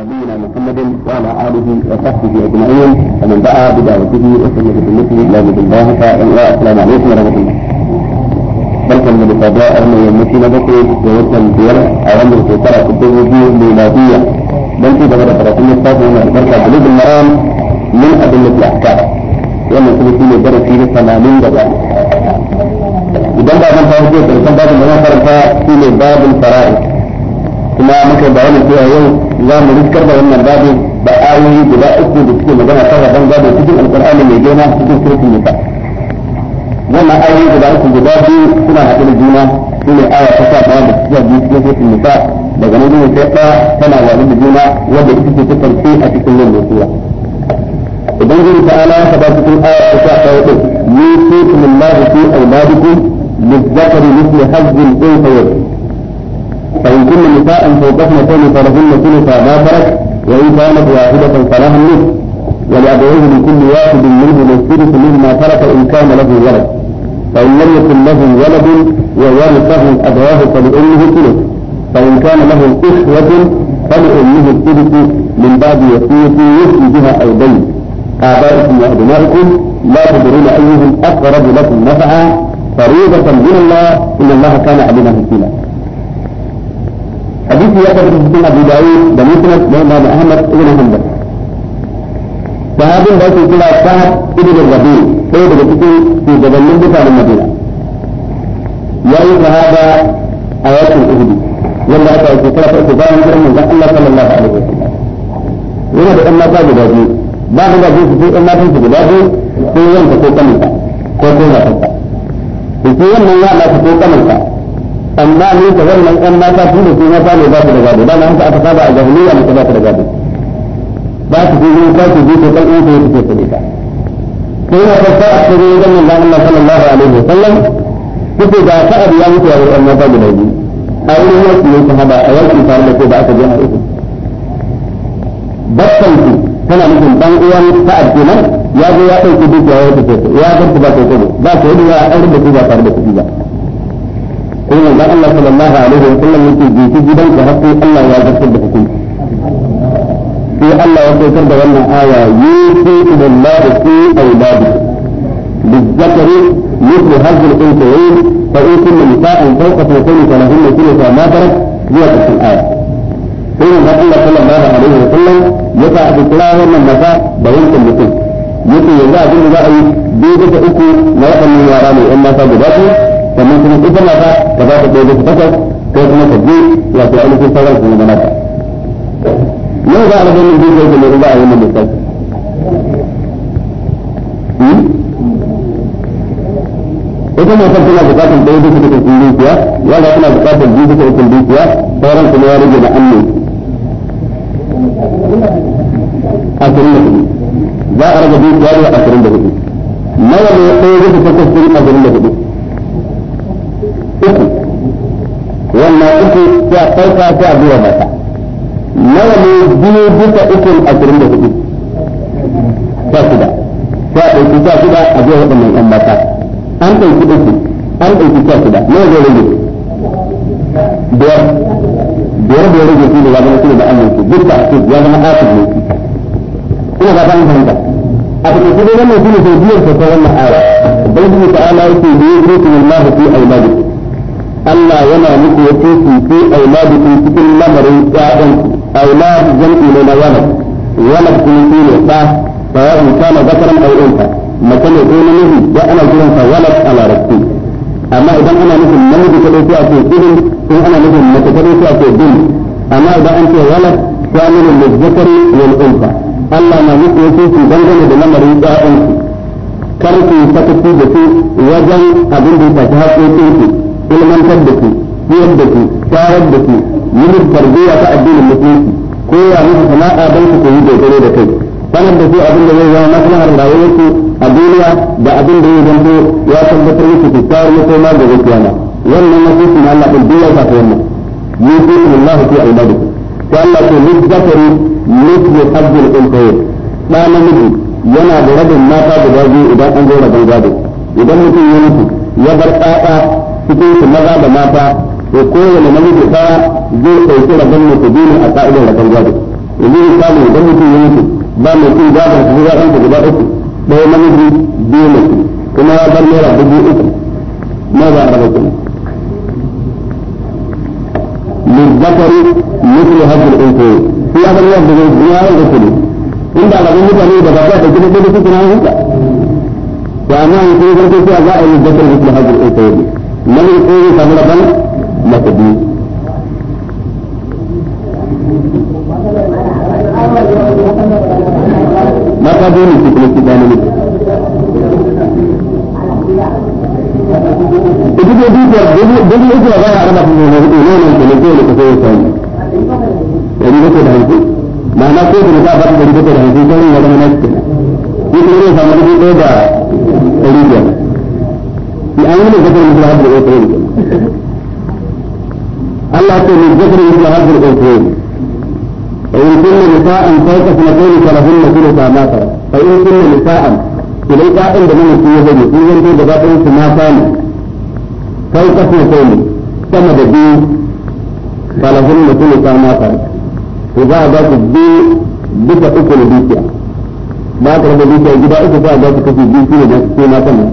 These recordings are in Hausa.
نبينا محمد وعلى اله وصحبه اجمعين ومن دعا بدعوته وسلم بسنته الى يوم الله والسلام عليكم ورحمه الله. barkan mu da a wannan yammaci na bakwai da watan biyar a wannan shekara ta dubu biyu miladiyya don ci gaba da karatun littafin mai albarka bulugul maram min adillatul ahkam wannan kuma shine darasi na 80 idan ba zan fara jiya karshen babin da zan karanta babin كما مكان بارم فيها يوم لا نريد كربا من الباب بآوي بلا اسم بسكين مدانا صغر بان باب يتجم القرآن اللي جينا تجم سورة النساء وما آوي بلا اسم بباب كما هكذا جينا كما آوى فتاة بارم بسكين مدانا صغر بان النساء لغنى دون سيطة كما وعلم جينا وبي اسم تكن في أتي كل النسوة إذن جل تعالى فبارك آية فتاة بارم يوسيكم الله في أولادكم للذكر مثل حظ الأنثيين كل نساء فوقفن اثنتين فلهن ثلث ما ترك وإن كانت واحدة فلها النصف ولأبويه لكل واحد منهم الثلث مما ترك إن كان له ولد فإن لم يكن له ولد وورثه أبواه فلأمه الثلث فإن كان له إخوة فلأمه الثلث من بعد وصية يوصي بها أو بين آبائكم وأبنائكم لا تدرون أيهم أقرب لكم نفعا فريضة من الله إن الله كان عليما حكيما حديث يأخذ في سنة أبي داود بن بن أحمد بن أحمد فهذا الناس يقول أصحاب ابن الربيع في بلدته في جبل من بطار المدينة يعرف هذا آيات الأهل ولا أتعرف في طرف أتباع من أن الله صلى الله عليه وسلم ولا بأن الله قال بذي بعض الذي في أن الله في بلاده في يوم تقول تمتع قلت لا تقول في يوم من الله لا تقول تمتع amma ne da wannan ƴan mata su ne kuma ta ne ba su da gado na haka aka saba a jahiliya mutum ba su da gado ba su je ne ba su je ko kan in su ke kudi ka sai na farko a cikin wajen nan da Allah sallallahu alaihi kuke da sa'ad ya mutu yi wurin mata guda biyu a wurin yaki ne sahaba a yaki tare da ko ba aka je a uku bakkan ki tana nufin dan uwan sa'ad kenan ya zo ya dauki dukiya ya tafi ya tafi ba ko ba ko da ya aure da su ba tare da kuɗi ba sai mai Allah sallallahu alaihi wa sallam yake jiki gidan ka har sai Allah ya zartar da hukunci sai Allah ya saukar da wannan aya yusu billahi fi awladi bizzakari yusu hazzul inta yayi fa in kullu nisa'in fawqa tawfani fa lahunna kullu ta ma tarak zuwa cikin aya sai mai Allah sallallahu alaihi wa ya sa a cikin aya wannan maza da wancan mutum yake yanzu abin da za a yi bai da uku na waɗannan yara mai ƴan mata guda biyu sannan kuma ita mata ta ba ta ɗaya da su takwas ko kuma dapat. je ya ce ainihin sauran su zama nata. Yau za a rabu ne zai zai mai ba a yi mai sauki. Ita mata tana bukatar ɗaya da su takwas sun dukiya, ya ga tana bukatar biyu da su takwas sun dukiya, sauran kuma ya rage da annu. Ashirin da kuɗi. Za a rabu biyu ya rage ashirin da kuɗi. Mawar da ya ɗaya da su takwas sun ashirin da kuɗi. wannan uku sai a ɗauka sai a biya mata nawa ne biyu duka ukun ashirin da hudu sha shida ta ɗauki sha shida a biya waɗannan ƴan mata an ɗauki uku an ɗauki sha shida nawa zai rage biyar biyar da ya rage shi da ya zama shi da an yanki duk da ake ya zama asir ne ina ba ta fahimta a takaice dai wannan shi ne biyar ta wannan aya ubangiji ta'ala yake yi zai kuma Allah yana muku ya tusu fi auladikum cikin lamarin ƴaƴan aulad jam'i ne na walad walad kuma shi ne ɗa sawa'un kana zakaran aw unsa mace ne ko namiji ba ana kiran sa walad a larabci amma idan ana nufin namiji kadai sai a ce ibn ko ana nufin mace kadai sai a ce bin amma idan an ce walad shamilun lizzakari wal unsa Allah na muku ya tusu dangane da lamarin ƴaƴanku kar ku sakaci da su wajen abin da ya shafi haƙoƙin ilmantar da su siyar da su sharar da su yi musu tarbiyya ta addinin musulunci ko ya musu sana'a don su koyi dogaro da kai sanar da su abin da zai zama maslahar rayuwarsu a duniya da abin da zai zanto ya tabbatar musu kyakkyawar makoma da zai kiyama wannan nasusu na Allah ɗin duniya ta wannan yusufu Allah fi albadikum sai Allah ce lizzakari mislu abdul unsayin ɗa namiji yana da rabin mata guda biyu idan an zo rabin gado idan mutum ya mutu ya bar ɗaɗa cikin su maza da mata to kowane namiji ta zai ɗauki rabon mai kudini a ka'idar rabon gado yanzu misali idan mutum ya mutu ba mai cin gadon su ya ɗanta guda uku ɗaya namiji biyu mutum kuma ya bar naira dubu uku maza a raba kuma للذكر مثل هذا الأنثيين في هذا الوقت الدنيا والرسول عند أغلب المتعلمين بدرجات الجنة التي تكون عنها وأما يكون ذلك في أعضاء للذكر مثل هذا الأنثيين nan ne ko zai samu mace biyu mata biyu ne cikin cikin ne na cikin من ذكر مثل هذه الأنثيين فإن كن نساء فوق اثنتين فلهن ثلث ما ترك فإن كن نساء إليك عند من في يدي في يدي بقاطع ما كان فوق اثنتين كما بدي فلهن ثلث ما ترك إذا ذاك الدين بك أكل بيتها ba ta raba dukiya gida uku ba za su kashe biyu shi ne da su na sama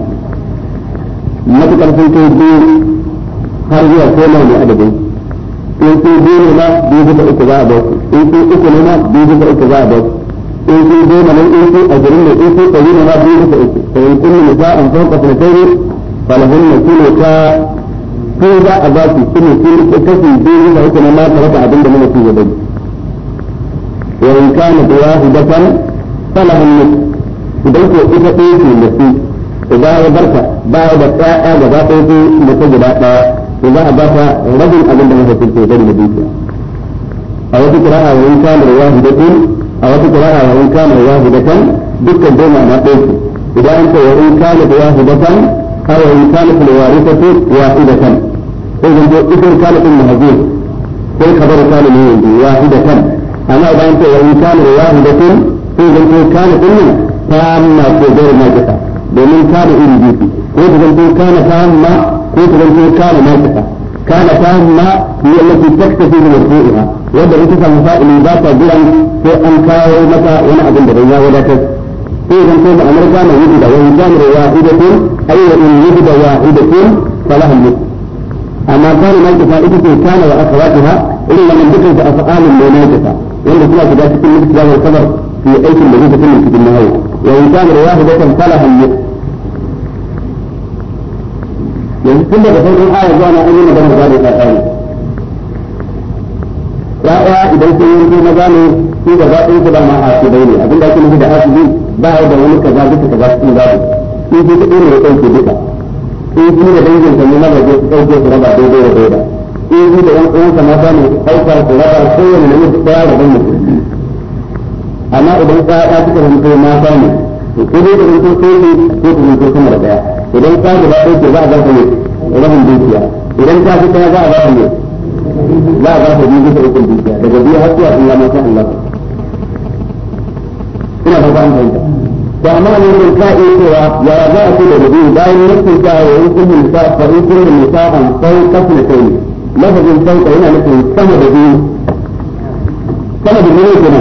matuƙar sun kai biyu har zuwa ko nawa ne adadin in ko goma ba biyu bisa uku za a ba su in ko uku ne ma biyu bisa uku za a ba su in ko goma ne in ko ashirin ne in ko ɗari ne ma biyu uku in kun ne an san kafin kai falahun ne su ta ko za a ba su su ne sun kashi biyu bisa uku ne ma ta rasa abin da mana su ya bari wa in kana da wahidatan falahun ne idan ko ita ɗaya ce da su idan ya barka ba ya da ɗaya ba ɗaya ko mace guda ɗaya to za a ba rabin abin da muka kirkiro da da a wata qira'a wa in kana wahidatin a wata qira'a wa wahidatan dukkan dai ma ɗaya ce idan an ce wa in kana wahidatan aw in kana al-warithatu wahidatan sai idan kana din mahzuf sai kabar kana ne yanzu wahidatan amma idan an ce wa in kana wahidatin sai zan ce kana din ne ta amma ko gairu ma kisa domin kana iri biyu ko zan ce kana ta amma كنت رجل كان مرتفع كان تاما هي التي تكتفي بمرفوعها وضع تسع مسائل ذات ظلم في انكار متى ونعد بغيها ولكن اذا كان الامر كان وجد وان كان واحدة اي ان وجد واحدة فلها النصف اما كان مرتفع ابن كان واخواتها الا من ذكرت افعال مناجفه وان ذكرت ذلك في مثل هذا الخبر في ايت المدينه في النهايه وان كان واحدة فلها النصف yanzu tun daga farkon aya zuwa na an yi magana gado ta tsari ya'ya idan sun yanzu maza ne su da zaɓin su ba ma asibai ne da ake nufi da asibi ba ya da wani kaza duka kaza cikin gado in su kuɗi ne ya ɗauke duka in su da dangin sa ne na waje su ɗauke su raba daidai da daida da ɗan uwansa ne su raba kowane ɗaya da ɗan mutum amma idan mata ne to ko dai da ko ne ko ta da ɗaya idan ka ji ɗaya ke za a zafi ne rahun dukiya idan ka fi kaya za a zafi ne za a zafi ne bisa rukun dukiya daga biyu har zuwa sun gama shan Allah ina ba ba fahimta to amma ne mun ka iya cewa ya za a ce da biyu bayan nufin ta ya yi kun nisa fa in kun nisa an sau kafin kai lafazin sauka yana nufin sama da biyu sama da biyu kuma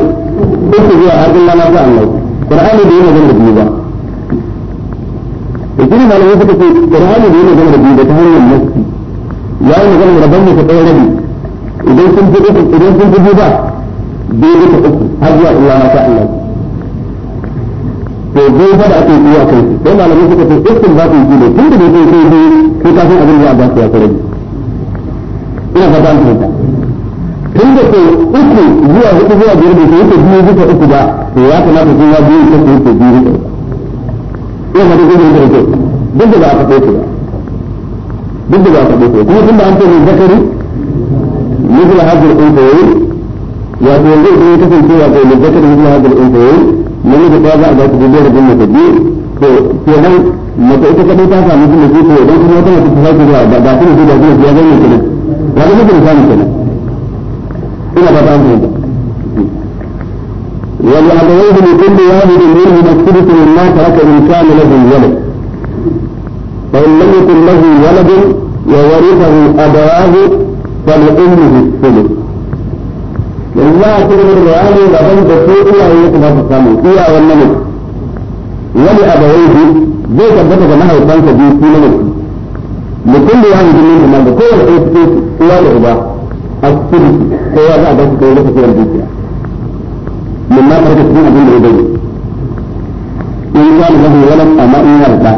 duk zuwa har zuwa na zuwa Allah Qur'ani da yana da biyu ba da shi ne malamai ce qur'ani da yana gama da biyu da ta hanyar nafsi ya yi magana da rabon mutu ɗaya rabi idan sun fi idan sun fi biyu ba biyu ta uku har zuwa illa ma sha Allah to bai ake yi a kai sai malamai suka ce iskin ba su yi ne tun da bai kai kai kai kai kafin abin da ba su ya kai rabi ina fata an fahimta tun da ke uku zuwa hudu zuwa biyar da ke yake biyu bisa uku ba to ya kamata sun ya biyu ta ke yake biyu bisa uku yana da gudun da yake duk da ba ka ɗauke ba duk da ba ka ɗauke kuma tun da an ce mai zakari مثل هذا الأنثيين وتوجد في كثير في هذا الذكر مثل هذا الأنثيين من يتابع ذات جدير جنة الدين في هل متأتى كبير تافع مثل نسيت هو دون كما تنسى تفاق جدا باعتني في ذاتنا في هذا المثل وهذا مثل ثاني كده إلا بطان في ولأبويه لكل واحد منهم مكتبة مما ترك إن كان له ولد فإن لم يكن له ولد وورثه أبواه فلأمه الثلث لله كلمة الرعاية لبن بسيطة أو يكفى تسامي فيها والنمط ولأبويه بيت كبتة منها وطنك دي في نمط لكل واحد منهم مكتبة كل واحد منهم مكتبة الثلث هو هذا أبوك كيف يكفى min ma farka cikin abin da ya bari in ka da lahu walad amma in ya da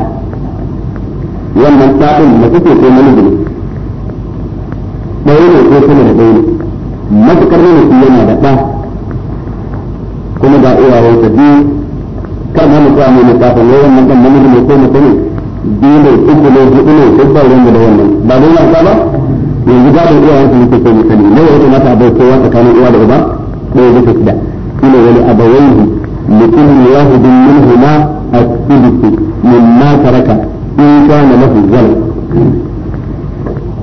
wannan ta'in da kake ko namiji ne ɗaya ne da ɗaya ne matukar ne yana da ɗa kuma ga iyayen sa biyu kar ma mutuwa mai littafin wai wannan ɗan namiji ne ko mutum biyu ne uku ne hudu ne duk ba wanda da ba dai ba a bai tsakanin uwa da uba shine wani abawaihi likulli wahidin minhuma as-sudusu mimma taraka in kana lahu walad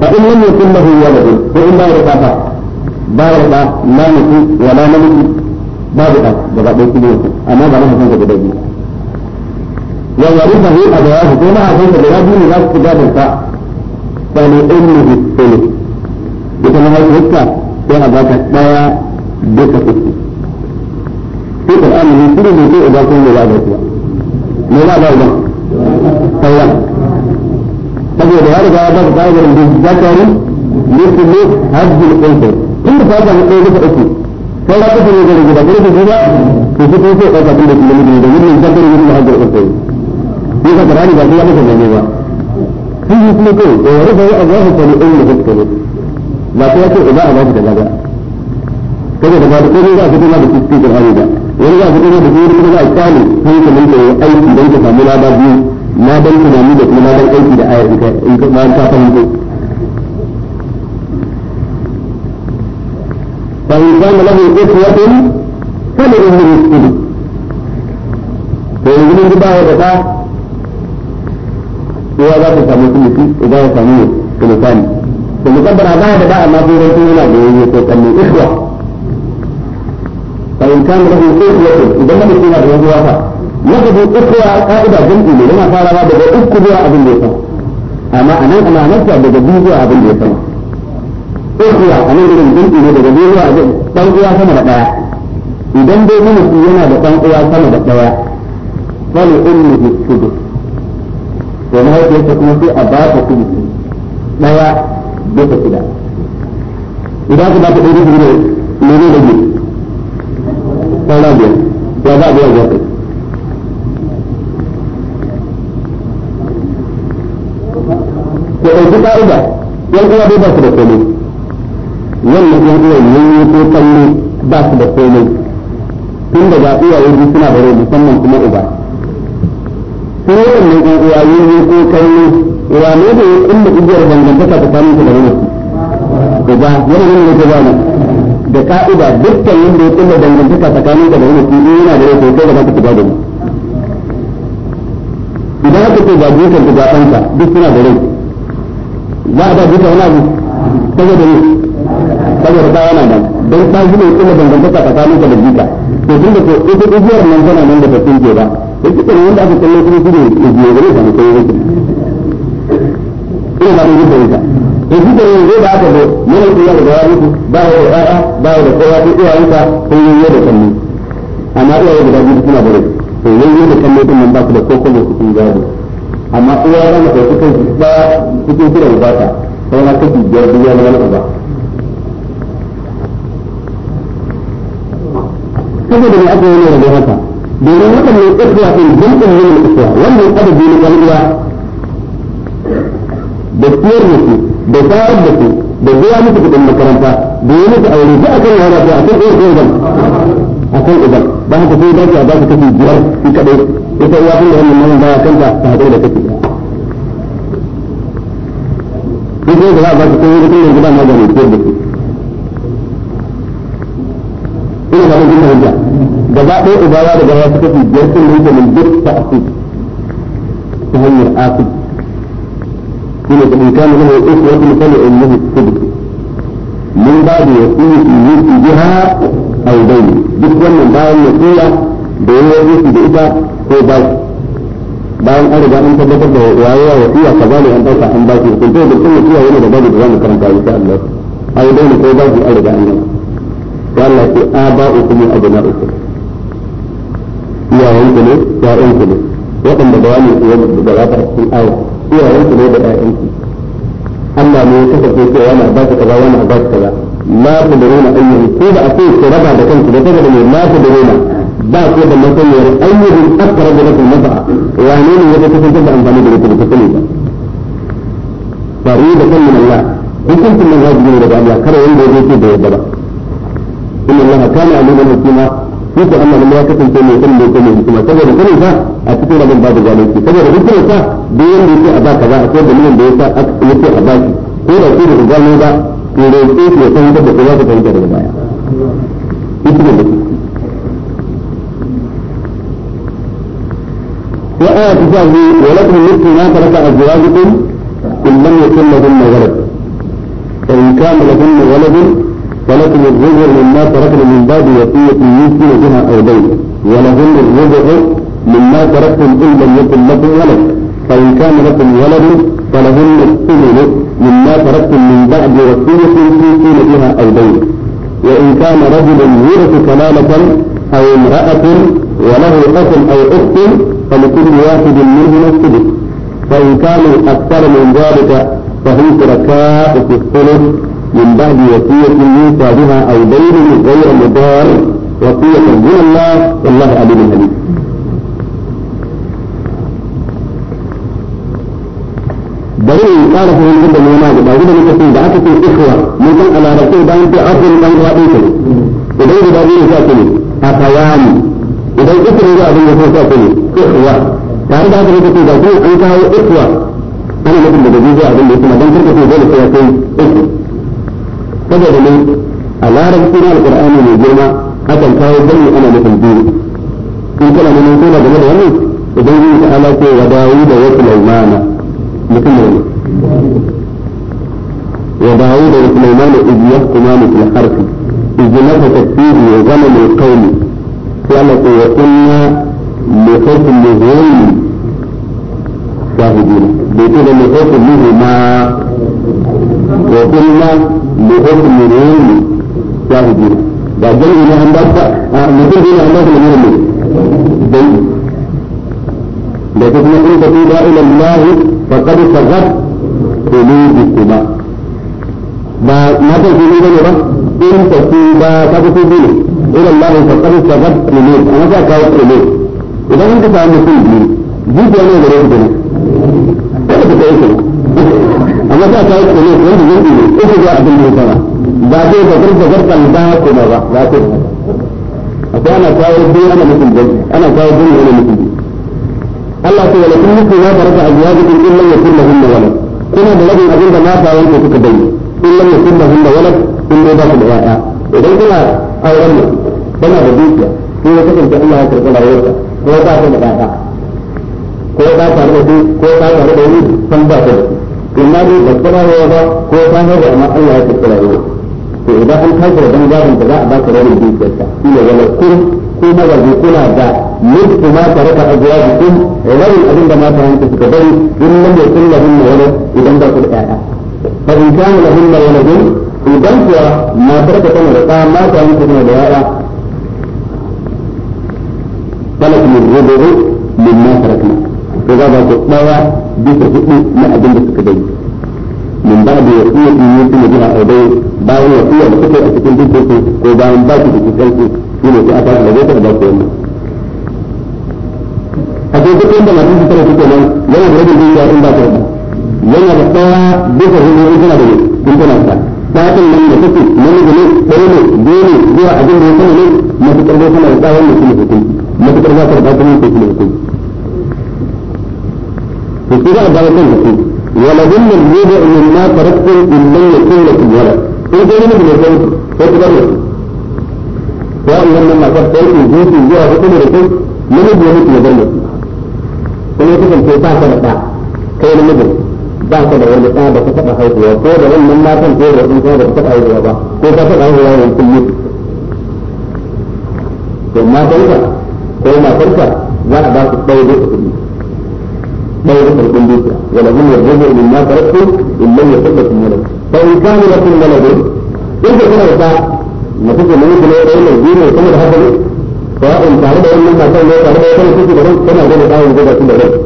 fa in lam yakun lahu walad fa in ba yarda fa ba yarda la nuku wa la namku babu da gaba ɗaya kuma amma ba na hakan gaba ɗaya wa yarithahu abawahu ko ma hakan sai a baka ɗaya duka في القرآن من كل من شيء إذا كنت لا بأس ما لا بأس طيب فقد ذلك هذا قائد بالذكر مثل هذه الأنثى كل هذا هو أسمه sai ka kafa ne gida ko da gida to su ko sai ka kafa da kuma ne da wannan zakar ne da hajjar kai ni ka karani ba kuma ka ne ba shi ne ko da wani da Allah ta ne in da kake ba ko ya ce ba ba ka da ba kada da ba da komai za a fito da kusti da hari da wani za a fito da kuma kuma za a kyale hankalin ka yi aiki don ta samu lada biyu na dan tunani da kuma na aiki da ayar in ka ma ka fahimto fa in kana lahu ikhwatun kana lahu ikhwatun to yanzu mun ba da da kowa za ta samu kulufi idan ya samu kulufani to mukabbara ba da da amma sai dai yana da yayye ko kalli ikhwa فإن كان له أخوة إذا لم يكن له أخوة يجب أخوة قائدة جمعي لما قال هذا أخوة أبن ليسان أما أنا أنا نفسي بجديد أبن ليسان أخوة أنا أقول جمعي بجديد أبن تنقيا سنة بقايا إذا دي من سينا بتنقيا سنة بقايا فلأمه السدس وما هي تكون في أباة سدس بقايا بيت كده إذا كنت أقول لك ليه ليه ɗaura biyar ya za a biya za kai ko ɗauki ƙa'ida yan uwa dai ba su da komai wannan yan uwa yanyi ko kalli ba su da komai tun da ga iyaye biyu suna bare musamman kuma uba sun yi wannan yan uwa yanyi ko kalli wa ne da ya ƙulla igiyar ta tsakanin su da wani uba yana yin yake ba ne da ka'ida dukkan yadda ya kulla dangantaka tsakanin da wani kudi yana da yau kai da za ka shiga da idan aka ce ga dukan da gafansa duk suna da rai za a ba duka wani abu saboda saboda ta yana nan don shi ne kulla dangantaka tsakanin da duka to tun da ko ita nan tana nan da ta tsinke ba wanda aka ne ne ina ba da in kuka yi zai ba aka zo yana kuma da gawa ba ya da ba ya da kowa da amma suna to da din nan ba su da cikin amma ba cikin sai na biyar saboda mai aka yi da haka domin ƙasuwa ɗin jam'in yin ƙasuwa wannan na da da su da tsayar da su da biya musu kuɗin makaranta da yi musu aure da akan iya uban akan uban ba haka sai ba ta ba ta kashi biyar shi kadai ita uwa tun da wannan nan ba kanta ta haɗu da kashi biyar duk da za a ba ta kai wani kullum gudan magani ko da su ina ba mun fahimta gaba ɗaya uba ya ya biyar sun rike mun duk ta asu ta hanyar asu shine da in kana lahu uswatun fali lahu duk wannan bayan wasiya da yayi yusi da ita ko ba bayan an riga an tabbatar da wayewa an an to da da da karanta Allah ko ba an riga an yi Allah ce aba'ukum ne ne waɗanda da za ta cikin iyayenku ne da ƴaƴanku Allah ne ya kasance cewa na ba kaza wani ba kaza la tudruna ayyuhu ko da a ce ku raba da kanku da daga ne la tudruna ba ku da masaniyar ayyuhu akbar da lakum nafa'a wane ne ya kasance da amfani da rubutu da kake ba fari da kan min Allah hukuncin nan wajibi ne daga Allah kar wanda ya ce da yadda ba inna Allah kana aliman hakima shi ko Allah ne ya kasance mai san mai kuma hikima saboda sanin sa a cikin rabin babu zalunci saboda hikimar sa da yanda yake a baka za a ko dalilin da yasa yake a baki ko da ke da gano ba ko da ke ya san da ko za ka fahimta daga baya hikimar da وآية تسعه ولكم نصف ما ترك أزواجكم إن لم يكن لهن ولد فإن كان لهن ولد فلكم الرجع مما تركنا من باب وصية يوصي بها أو دين ولهم الرجع مما تركتم إن لم يكن لكم ولد فإن كان لكم ولد فلهن الثمن مما تركتم من بعد وصية توصون بها أو دين وإن كان رجل يورث كلالة أو امرأة وله أخ أو أخت فلكل واحد منهما السدس فإن كانوا أكثر من ذلك فهم شركاء في الثلث من بعد وصية يوصى بها أو دين غير مضار وصية من الله والله أليم حليم. بني قال في عند العلماء بعد ما نكتب بعد في إخوة من على رسول بان في عصر بان رأيته وبين بعد ما نكتب أخوان وبين إخوة بعد ما نكتب إخوة بعد ما في بعد ما نكتب إخوة أنا نكتب بعد ما نكتب بعد ما نكتب بعد ما نكتب بعد saboda ne a larabci na alqur'ani mai girma hakan kawo bayani ana nufin biyu in kana neman ko da game da wannan idan yi ta'ala ko wa dawuda wa sulaimana mutum ne wa da wa sulaimana idh yahkumani fil harfi idh nafata fihi wa zamanin qaumi sai Allah ko wa kunna وقلنا لحكم العلم شاهد بعدين إلى أن بقى نقول إلى أن بقى من العلم لكن نقول تقول إلى الله فقد صغت قلوبكما ما ما تقول إلى الله إن تقول قد تقول إلى الله فقد صغت قلوبكما أنا كأي قلوب إذا أنت تعلم قلوب جيت أنا إلى الله amma ta yi kai ko ne wanda zai ne ko ga abin da ba fara ba zai da garba garban ba ko ba ba ko akwai ana kawo dai ana mutum dai ana kawo dai ana mutum dai Allah ta wala in mutum ya baraka azwajikum illa yakun lahum walad kuna da rabin abin da mata yanke suka dai illa yakun lahum walad in dai ba ku da yaya idan kuna auren mu kana da dukiya sai ya kasance Allah ya karɓi rayuwarka ko ba ta da yaya ko ba ta da ko ba ta da wani san ba ta in ma dai babbar ba ko ta da amma Allah ya tafi rawa to idan an tashi da bangaren da za a baka rawa dukiyar ka shi ne wala kun ko mazaje kuna da mutu ma tare da azwajikum rabin abin da mata yanku suka bari in lam yakun na wani idan ba ku da ƴaƴa fa in na wani waladun idan kuwa matar ka tana da ɗa mata yanku tana da ƴaƴa falakum rubu mimma tarakna to za ba ku ɗaya bisa hudu na abin da suka dai min ba da wasiya in yi suna biya a dai bayan wasiya da suka a cikin dukkan su ko bayan ba su da cikin su shi ne a fara da zai ta ba su wannan akwai duk wanda masu su suke nan yana da rabin dukiya in ba ta da yana da ɗaya bisa hudu in tana da ne in tana da fatan nan da suke ne ɗaya ne biyu ne zuwa abin da ya sama ne matuƙar zai sama da tsawon mutum hukunci matuƙar za ta da ba ne hukunci su za a dawo kan su ولهن الربع مما تركتم ان لم يكن لكم ولد. إن كان لكم ولد فاتبعوا. وأن لما تركتم جيتي جوا بكم لكم من يجي لكم ولد. kuma ya kasance ba ka da ɗa kai na mijin ba ka da wani ɗa da ka taɓa haihuwa ko da wannan matan ko da wasu da ka taɓa haihuwa ba ko ka taɓa haihuwa wani kullum to matanka ko matanka za a ba su ɗaya da kuɗi ما يخسر من دوسة ولهم الرجع مما تركتم إن لم يكن لكم ولد فإن طيب، كان لكم ولد إذا كان يساء نفسه من يكون يقول الدين ويكون هذا فان تعرض أو لم تعرض أو تعرض أو تعرض كيف يكون كما هو يساء ويجب كل ولد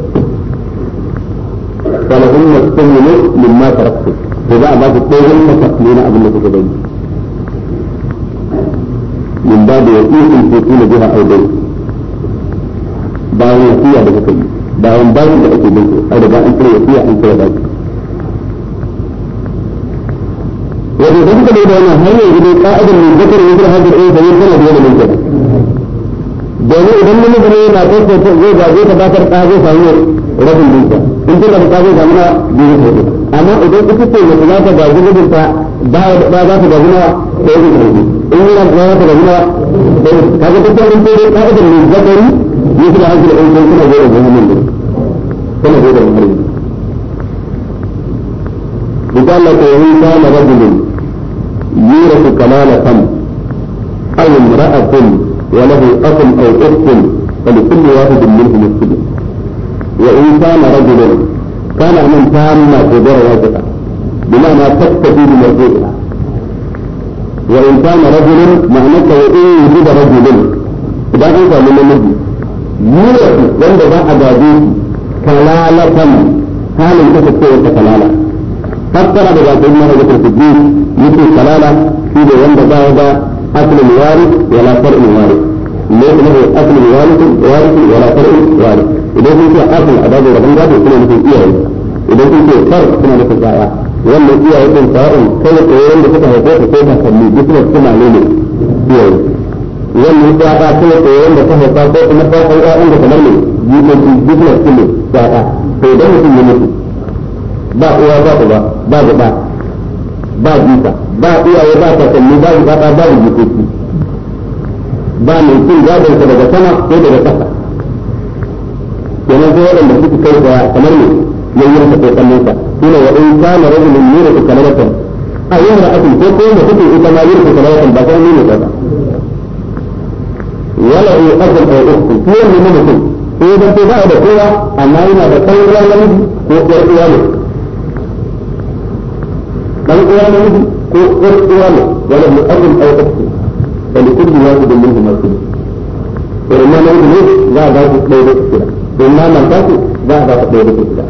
فلهم الثمن مما تركتم إذا أبعد الثمن تقليل أبنك كبير من بعد يقول إن تكون بها أو بيت باب يقول بها كبير da an bayan da ake bin su a daga an kira wasiya an kira baki wato da suka da wannan hanyar gudu ka'adar min zakar wa zakar hadar ayyuka yin tana da yadda mun domin idan mun gane na ko zai ga zai tabbatar ta zai samu rabin dinka in tana da zai samu na biyu ko amma idan kuka ce mutum za ka ga gudun ta ba ba za ka ga gudun ta yi gudun in yana da ka ta ga gudun ta kaga dukkan mun dai ka'adar min zakari مثل هذه الأنثى كما غير المؤمن كما غير المحرم وقال لك وإن كان رجل يورث كمالة أو امرأة وله أخ أو أخت فلكل واحد منهم السبب وإن كان رجل كان من تامة قدر واجبة بمعنى تكتفي بمرجوعها وإن كان رجل معناته وإن وجد رجل إذا أنت من المجلس niyyatu wanda za a gaji kalalatan halin kasancewar ta kalala fassara da ba ta yi mara zakar sabbi yake kalala shi da wanda ba da asalin wari wala far'in wari ne kuma da asalin wari wala far'in wari idan kun ce asalin a dajin rabon gado suna nufin iyaye idan kun ce far suna nufin ya'ya wannan iyaye din sa'in kai da tsoron da suka haifar da sai ka kalli duk suna ne iyaye wannan tsaka ko ko wanda ta haifa ko kuma ta kai ƴaƴan da kamar ne yukoki business din ne tsaka to idan mutum ya ba uwa ba uba ba gaba ba jika ba iyaye ba kakanni ba bukata ba jikoki ba mai cin gadon sa daga sama ko daga ƙasa kenan sai waɗanda suka kai da kamar ne yayin sa ko kallon sa shine wa in kana rajulun yuriku kalalatan a yin ra'atin ko ko da kuke ita ma yuriku kalalatan ba sai ne ba ولا أجل أو أخت هو من منكم هو ده كده ده كده أما هنا ده كان ولا نبي هو ده ولا كان ولا نبي هو ده ولا ولا أجل أو أخت فلكل واحد منهم الكل فإما نبي ليش لا ده كده ده فلما وإما من ده لا ده كده ده كده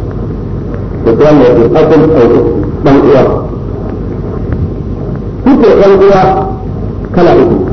فكان أجل أو أخت من إياه كل أجل كلا أخت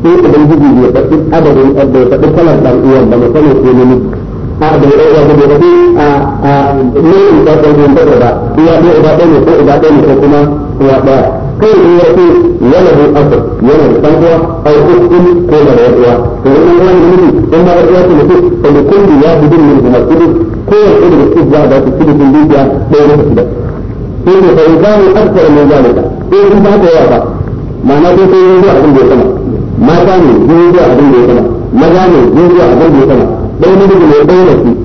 sai ubangiji bai faɗi adadin bai faɗi kalan ɗan uwan ba musamman ko a a a ba ba ne ko da ne ko kuma uwa ɗaya kai in ya ce yana da abu yana da ɗan a ukun ko da ɗan uwa to wannan ne in ce da kullu ya bi a ba din ɗaya da sai ne ko in in ba ta yawa ba ma'ana ko sai yanzu abin da ya sama mata ne zai zuwa abin da ya sama maza ne zai zuwa abin da ya sama ɗaya ne ɗaya da shi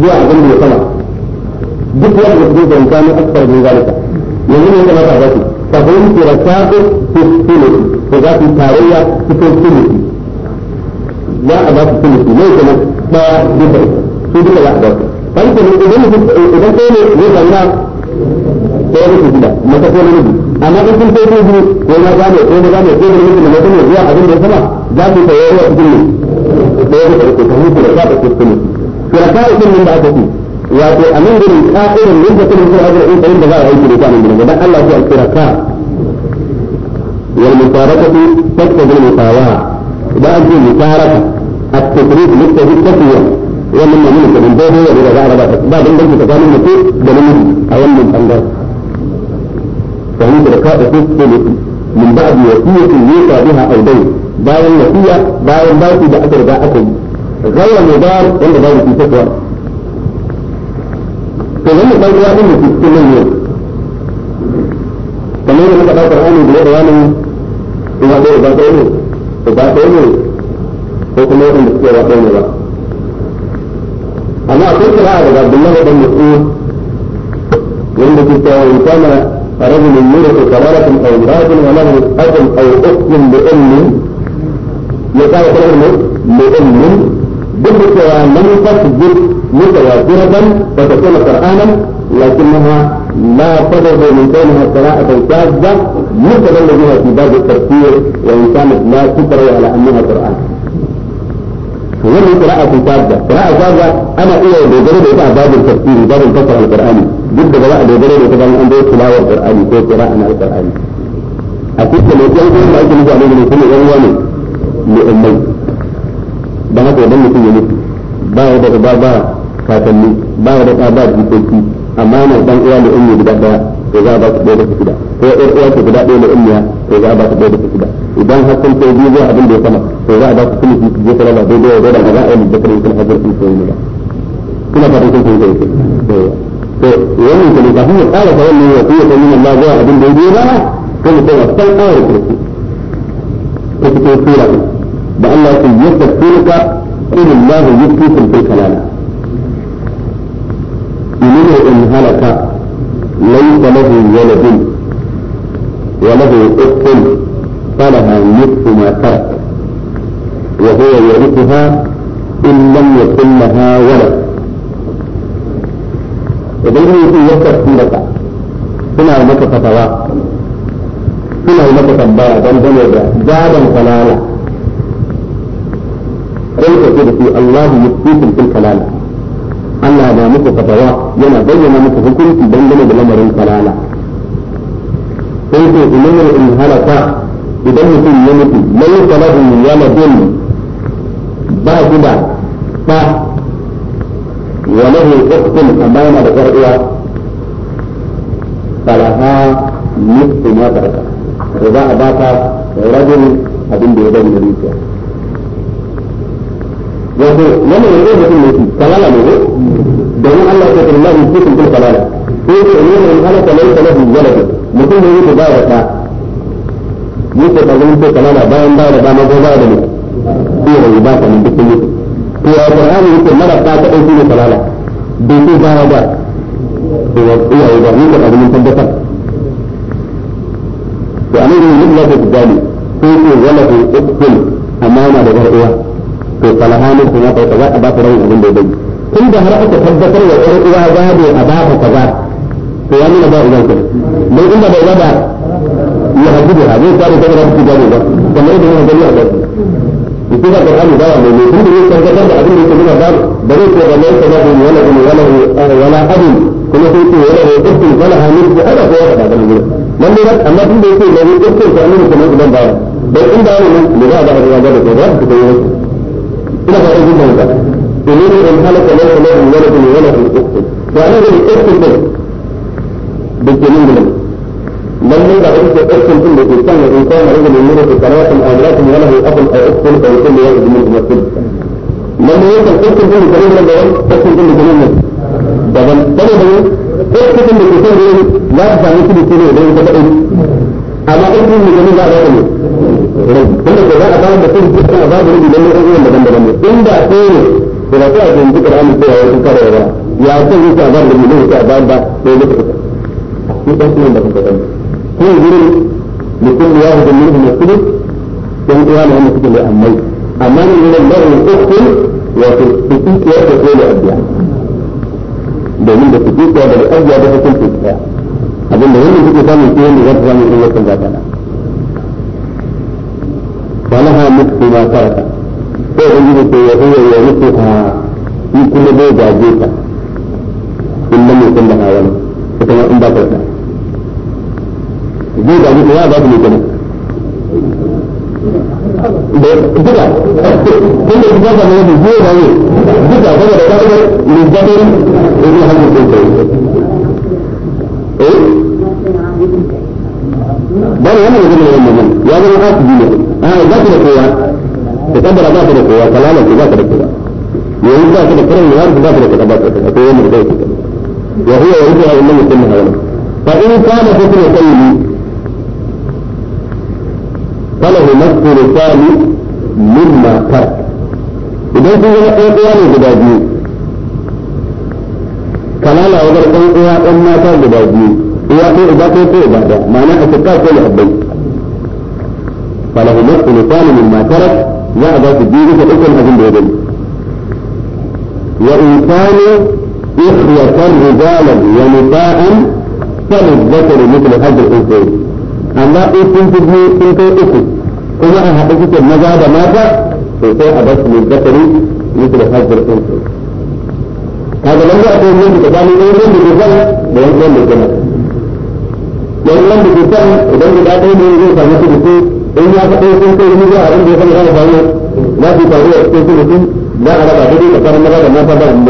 zuwa abin da ya sama duk wanda zai zanta a asfar ne zalika yanzu ne kamata ba su ka fahimci raka'u fi ko za su tarayya cikin sulusi za a ba su sulusi ne kuma ba duka su duka za a ba su fahimci ne idan idan ne zai zanna ɗaya da gida mata ko amma in kun sai kun ji wai na gane ko na gane ko da mutum na mutum zuwa abin da sama za ku ta yawa cikin ne da ya da ku ta mutu da ka kuskure firaka ikin nan da aka ce wato a nan gurin ka'irin yin da kuma kuma ajiyar ɗin da za a aiki da kwanan gurin dan Allah ya firaka wal mutaraka tasbih al mutawa da an ce mutaraka at-tafriq littafi tafiyya wannan mamun da mun dawo da za a raba ba dan da ke tsakanin mutum da namiji a wannan bangaren وهي بركاء فوق الاسم من بعد وصية يوصى بها أو دين باي الوصية باي الباقي إذا أدر باعكم غير مدار عند دار في فتوى فلما قال يا أمي في كل يوم تمام يقول الله القرآن يقول يا أمي إما دور باقي فباقي فكما يقول لك يا باقي أمي أما أقول لك هذا عبد الله بن مسعود يوم بكتاب وإن كان فرجل يورث كلالة أو زاد وله أب أو أخت لأم يقال كلام لأم بالمستوى لم تصدق متواترة فتكون قرآنا لكنها لا تبدو من كونها قراءة شاذة يستدل بها في باب التفسير وإن كانت لا تقرأ على أنها قرآن to wannan qira'a ce sabba qira'a sabba ana iya dogaro da ita a babin tafsiri babin tafsir alqur'ani duk da ba a dogaro da ita ba an dai tilawar qur'ani ko qira'an alqur'ani a cikin ne yan uwan ake nufi a nan ne kuma yan wani ne mu'minai dan haka idan mutum ya nufi ba ya da ba ba kakanni ba ya da ba jikoki amma yana dan uwa da ummi guda daya to za a ba su ɗaya bisa shida ko ƴar uwa ce guda ɗaya na ummiya to za a ba su ɗaya bisa shida idan har sun kai biyu abin da ya sama to za a ba su kuma su je kalama daidai wa daidai za a yi mu dakar yankin hajjar sun koyi ne kuma ba sun koyi da yake to wannan kuma kafin ya ƙara sa wannan ya kuma sanin Allah zuwa abin da ya biyo ba kan mutum ya san ƙara da ko su fito sura da Allah ya yadda surka irin Allah ya yi kusurkin kalala. Ilimin halaka ليس له ولد وله أخت فلها نصف ما ترك وهو يرثها إن لم يكن لها ولد idan ne su ya karfi da ka suna maka fatawa suna maka tambaya don gane da gadon kalala sai ka ce da Allahu yusufin Allah da muku fatawa yana bayyana muku hukunci dangane da lamarin kalala sai ce idan in halaka idan mutum ya mutu lai salahu min waladin ba shi da ba wa lahu amana da qur'a falaha nisfu ma baraka da a baka rabin abin da ya bari da wato wannan yanzu mutum ne shi kalala ne ne domin Allah ya tafi Allah ne cikin kalala ko ce ne ne Allah ta laika lahu walad mutum ne yake ba ya ta yake ba ganin sai kalala bayan ba da dama ko ba da ne ko ya ba ka ne duk ne to ya Qur'ani yake mara ta ta dauki ne kalala bai ce ba ya ba da ya iya ya ba ni da abin tabbatar to anan ne yake da dalili ko ce walad ukul amma yana da gar'uwa to salahani kuma kai kaza a baka rawan abin da ya bai tun da har aka tabbatar wa ɗan uwa gado a baka kaza to ya nuna ba uban ka don inda bai ba da ya haɗu da abin da ta da su gado ba kamar yadda gani a gado yake da Qur'ani ba mai mai tun da ya tabbatar da abin da yake nuna ba da zai ce da mai kaza da wala da wala wala abin kuma sai ce wala da yake wala hamil ana ko da da nan dai amma tun da yake da yake ko annabi kuma uban ba da inda wannan da ba da ya ga da ba da كما قال ابن بلد إنه إن هلك ليس له ولد وله أخت فأنا بالأخت الأم بالجنين بلد لما يبقى أخت الأخت الأم الإنسان الإنسان رجل يمر في ثلاث أولاد وله أخ أو أخت فيكون واحد منهم الثلث لما يبقى الأخت الأم جنين بلد أخت الأم جنين بلد ده بل طلبه أخت الأم الإنسان لا تفعل مثل الثاني وده يتبقى أما أخت الأم جنين لا rai kuma za a bawa mutum duka a babu rubi don lokacin yin daban daban ne in da ko ne da ba sai a ce duka ramin cewa wasu kare ba ya ce zai ce a babu rubi don a babu ba sai duka ita shi ɗan sunan da kuka ɗan ko wurin mutum ya hudu mulki na kudu don uwa na wani suke mai ammai amma ne wurin da wani ukun wato fitikiyar da kone abiya domin da fitikiyar da abiya da hukunci ɗaya abinda samun kiyon da فلها مثل ما تركت فأجد يهوى يرثها في كل بيت جيتا إن لم يكن لها ولد فكما إن بكرتا جيتا جيتا يا باب الجنة ايه dan wannan zama zai yi ya zama asibi ne a za ka da kowa da kaddara ka da kowa kalala ce za ka da kowa yanzu za ka da karin ya za ka da kaza ba ka da akwai wanda zai fita wa huwa yarju ala man yutimma hawla fa in kana fa kullu sayyidi falahu nasbu risali mimma idan kun zama ɗan ne guda biyu kalala wajen ɗan uwa ɗan mata guda biyu هي في إضافة في إضافة معناها اتقاء كل حبين فله نصف لسان ما ترك يعظى في الدين فإنسان هذين بيدين وإن كان إخوة رجالا ونساء فللذكر مثل هذا الإنسان أما إسم تبني إسم تبني كما أن حقيقة النجاة ماذا فإنسان أبس للذكر مثل هذا الإنسان هذا لم يأتي من كتابه إيمان بجزاء لأنه لم يكن هذا yan nan da kusan idan guda ɗaya ne zai samu su duku in ya faɗo sun kai ni zuwa abin da ya sani za a samu na fi faru a cikin su duku za a raba daidai tsakanin maza da mata ba in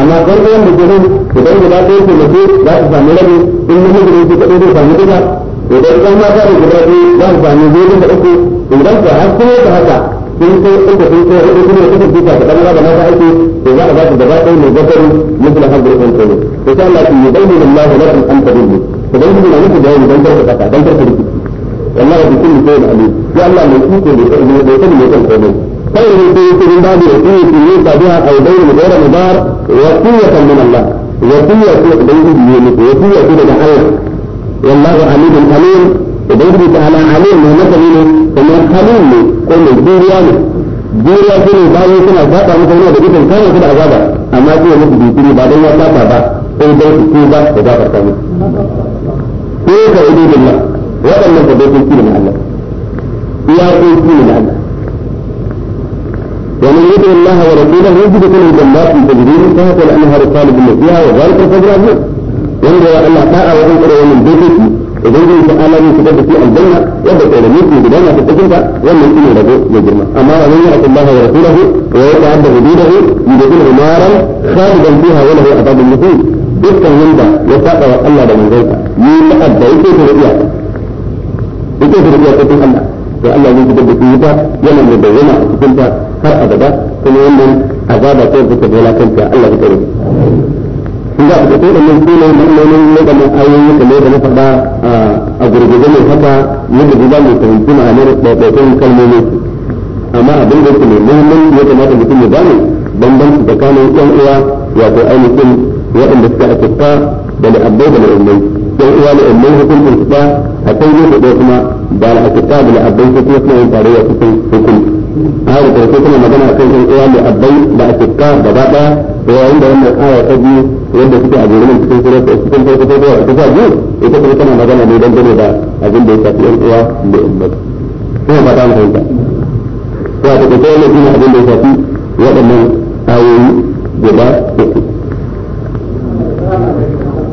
amma farko wanda ke idan guda ɗaya ce mace za su samu rabi in namiji ne ke kaɗai zai samu duka idan ɗan mata da guda biyu za su samu biyu da uku idan ka har kuma da haka sun kai uku sun kai hudu kuma suka fi ka kaɗan maza da mata ake to za a ba su gaba ɗaya mai gabari mutum har da ɗan kai ne sai Allah ki yi bayyana Allah lakum an tadullu ubangiji na nufi bayani don karka kasa don karka rikici wallahi bi kulli shay'in alim ya Allah mai iko ne sai ne sai ne kan komai kai ne sai yake min babu wasiya ki yi tabi'a aw bayn ghayr mubar wasiyatan min Allah wasiya ce ubangiji ne ne wasiya ce daga Allah wallahu alim alim ubangiji ta ala alim ne na kali ne kuma halim ne ko mai juriya ne juriya ce ne bayan suna zaɓa mutane da dukkan kayan su da azaba amma sai musu bi ba don ya saba ba in dai ku ba da dafar ta ne ko ka ومن يطع الله ورسوله يجد كل جنات تجري من تحتها الانهار طالب فيها وذلك الفجر العظيم ومن رواه ان اعطاء وانكر من بيته اذن به تعالى من كتاب في الجنه يبدا الى بيته بدون ان تتجنب ومن كل رجل يجمع اما من يعص الله ورسوله ويتعدى حدوده يجد له نارا خالدا فيها وله عذاب مقيم dukkan wanda ya saba wa Allah da manzonsa yi ta'adda yake tarbiya yake ta Allah to Allah da yana da bayyana a cikin ta har abada kuma wannan azaba ta zuka bola kanta Allah ya kare in za a ga tsoron nan da ne da na faɗa a gurgurje mai haka yadda fahimci ɗaiɗaikun kalmomi amma abin da yake mai muhimmanci ya kamata mutum ya gane bambanci tsakanin ɗan uwa wato ainihin waɗanda suka a kuka da la'abbai da la'ummai yan uwa la'ummai hukuncin su a kan gefe ɗaya kuma da la'akuka da la'abbai ko kuma suna yin tarayya cikin hukunci a haka ƙarshe kuma magana a kan yan uwa la'abbai da akuka ba ɗaya da yayin da wannan aya ta biyu wanda suke a gurin cikin surat da cikin farko ta zuwa ta biyu ita kuma tana magana ne dangane da abin da ya shafi yan uwa la'ummai ina fata mu fahimta ya ta ƙarshe wannan shi ne abin da ya shafi waɗannan ayoyi gaba uku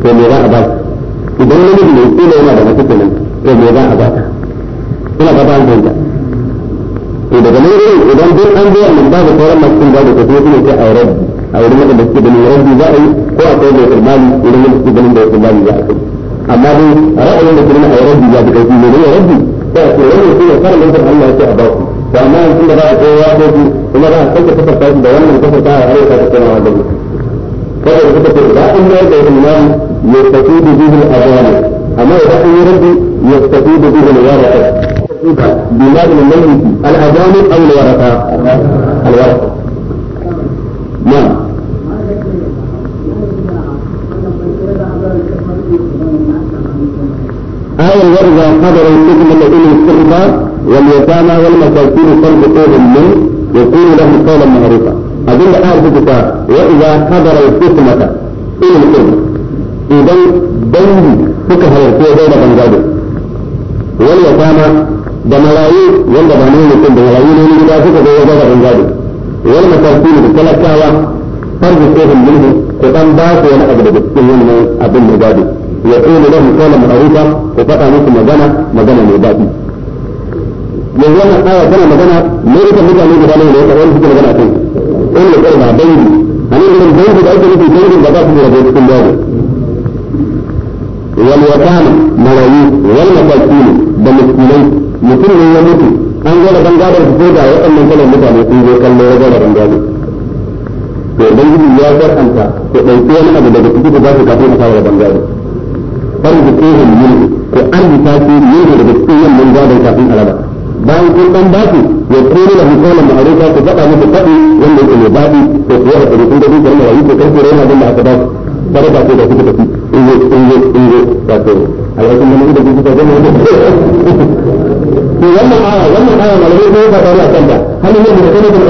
to me za a baka idan namiji mai kila yana da mace kenan to me za a baka ina ba ta an fahimta to daga nan gurin idan duk an zo annabi babu sauran masu cin gado to kuma sai a rabbi a wurin wanda da suke ganin rabbi za a yi ko a kai da kalmali wurin wanda suke ganin da kalmali za a kai amma dai ra'ayin da kuma a rabbi ya bi kai ne ne rabbi da ko wannan shi ne karin da Allah ya ce a baku to amma yanzu da ba a kowa ko ku kuma za a sake kafarta da wannan kafarta a arewa ta kuma wajen kada da kuka ce za a yi da kalmali يستفيد به الأبان أما إذا أن ربي يستفيد به الورقة بما من الميت الأبان أو الورقة الورقة نعم آية الورقة قدر النجم الذين الاستقبال واليتامى والمساكين قول من يقول لهم قولا معروفا أدل آية الكتاب وإذا حضر القسمة إلى القسمة idan dangi suka halarci ya da bangare wani ya kama da malayu wanda ba ne mutum da malayu ne gida suka zo ya da bangare wani matarki da talakawa har da tsohon ko dan ba su wani abu daga cikin wannan abin da ya tsoro da mutum ma'arufa ko faɗa musu magana magana mai daɗi yanzu wannan aya tana magana ne da mutane guda ne da ya karɓar suke magana kai dangi a nan da dangi da ake nufi dangin da za su da cikin واليتامى ملايين والمساكين da miskinai mutum ne mutu an zo da bangadar su da waɗannan kalan mutane sun zo kallo ya zo da bangadar to ubangiji ya faranta ko ɗauki wani abu daga ciki da za su kafin a kawo da bangadar farko ko hin yin ko an yi tafi yin daga cikin yin bangadar kafin a bayan kun dan ba su ya kore da hukumar ma'arufa ku faɗa musu faɗi wanda yake mai daɗi ko ya da ɗari kun da dukkan marayu ko karfe rana don da aka ba su sadaka ce da suka tafi kungo kungo kungo wato alwakin da mutum da kuka ta zama wanda to wannan aya wannan aya malamai sai ka fara kan ta halin yadda da kana da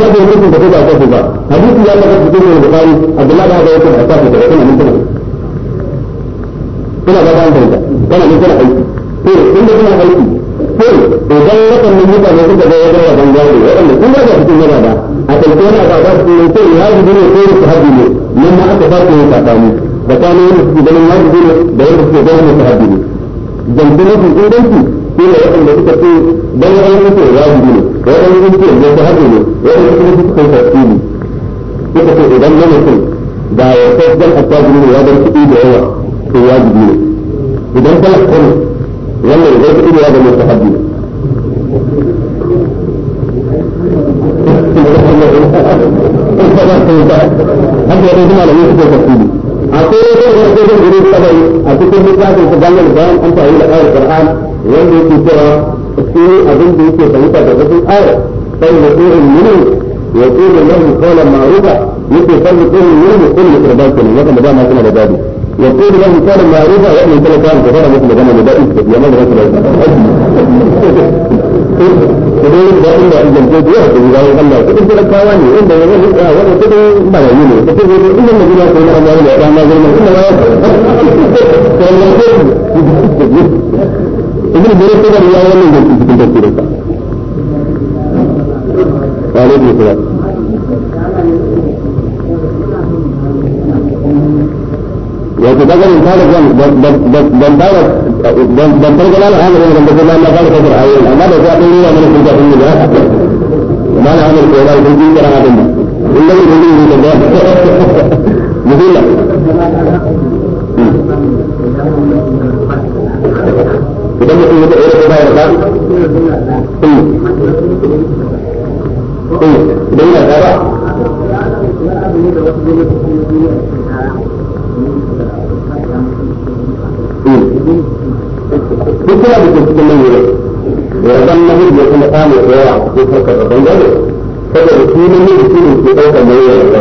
kaurin kuka to ai ka da kuka da kuka kuka ba hadisi ya maka cikin da bukari abdullahi da yake da kafa da kana mutum kana ba ban da kana mutum aiki to inda kana aiki to idan waɗannan mutane suka ga ya zama ban gari waɗanda sun ga cikin yana ba a su ne sai ya yi ne ko su haɗu ne nan ma aka ba su ne وكان يونس في بني الناس دون دون في بني المتعبدين جنبنا في جنبنا إلى يوم الذي تقول بني الناس في الله دون ويوم الذي تقول بني المتعبدين ويوم الذي تقول بني المتعبدين كيف تقول إذا لم يكن دعا يتفضل حتى يجب أن يوضع الكتاب هو في واجب دون إذا انت لك خلص يوم الذي تقول هذا المتعبدين هل يريدون على يوسف التفصيلي akwai wata farko guri sabai a cikin littafin su bayan bayan an tayi da ayar Qur'an wanda yake cewa shi abin da yake fahimta da wasu ayar sai da irin yini ya tsira lahu qawlan ma'rufa yake sai da irin yini kullu qurban kenan ya kuma dama suna da dadi ya tsira lahu qawlan ya ne talaka an gaba da da gama da ya mana da بندہ dan dan terkenal hanya dengan terkenal maka kita berakhir. Anda dapat ini yang mana kita ini ya. Mana hanya kita berhenti kerana ada. Ini ini ini kita. Mungkin lah. Kita mesti kita ini kita ya Hmm. Hmm. Dengar apa? Hmm. duk suna da cikin nan ne yardan na hudu ya kuma da yawa ko farka da bangare saboda su ne ne su ne ke ɗaukar da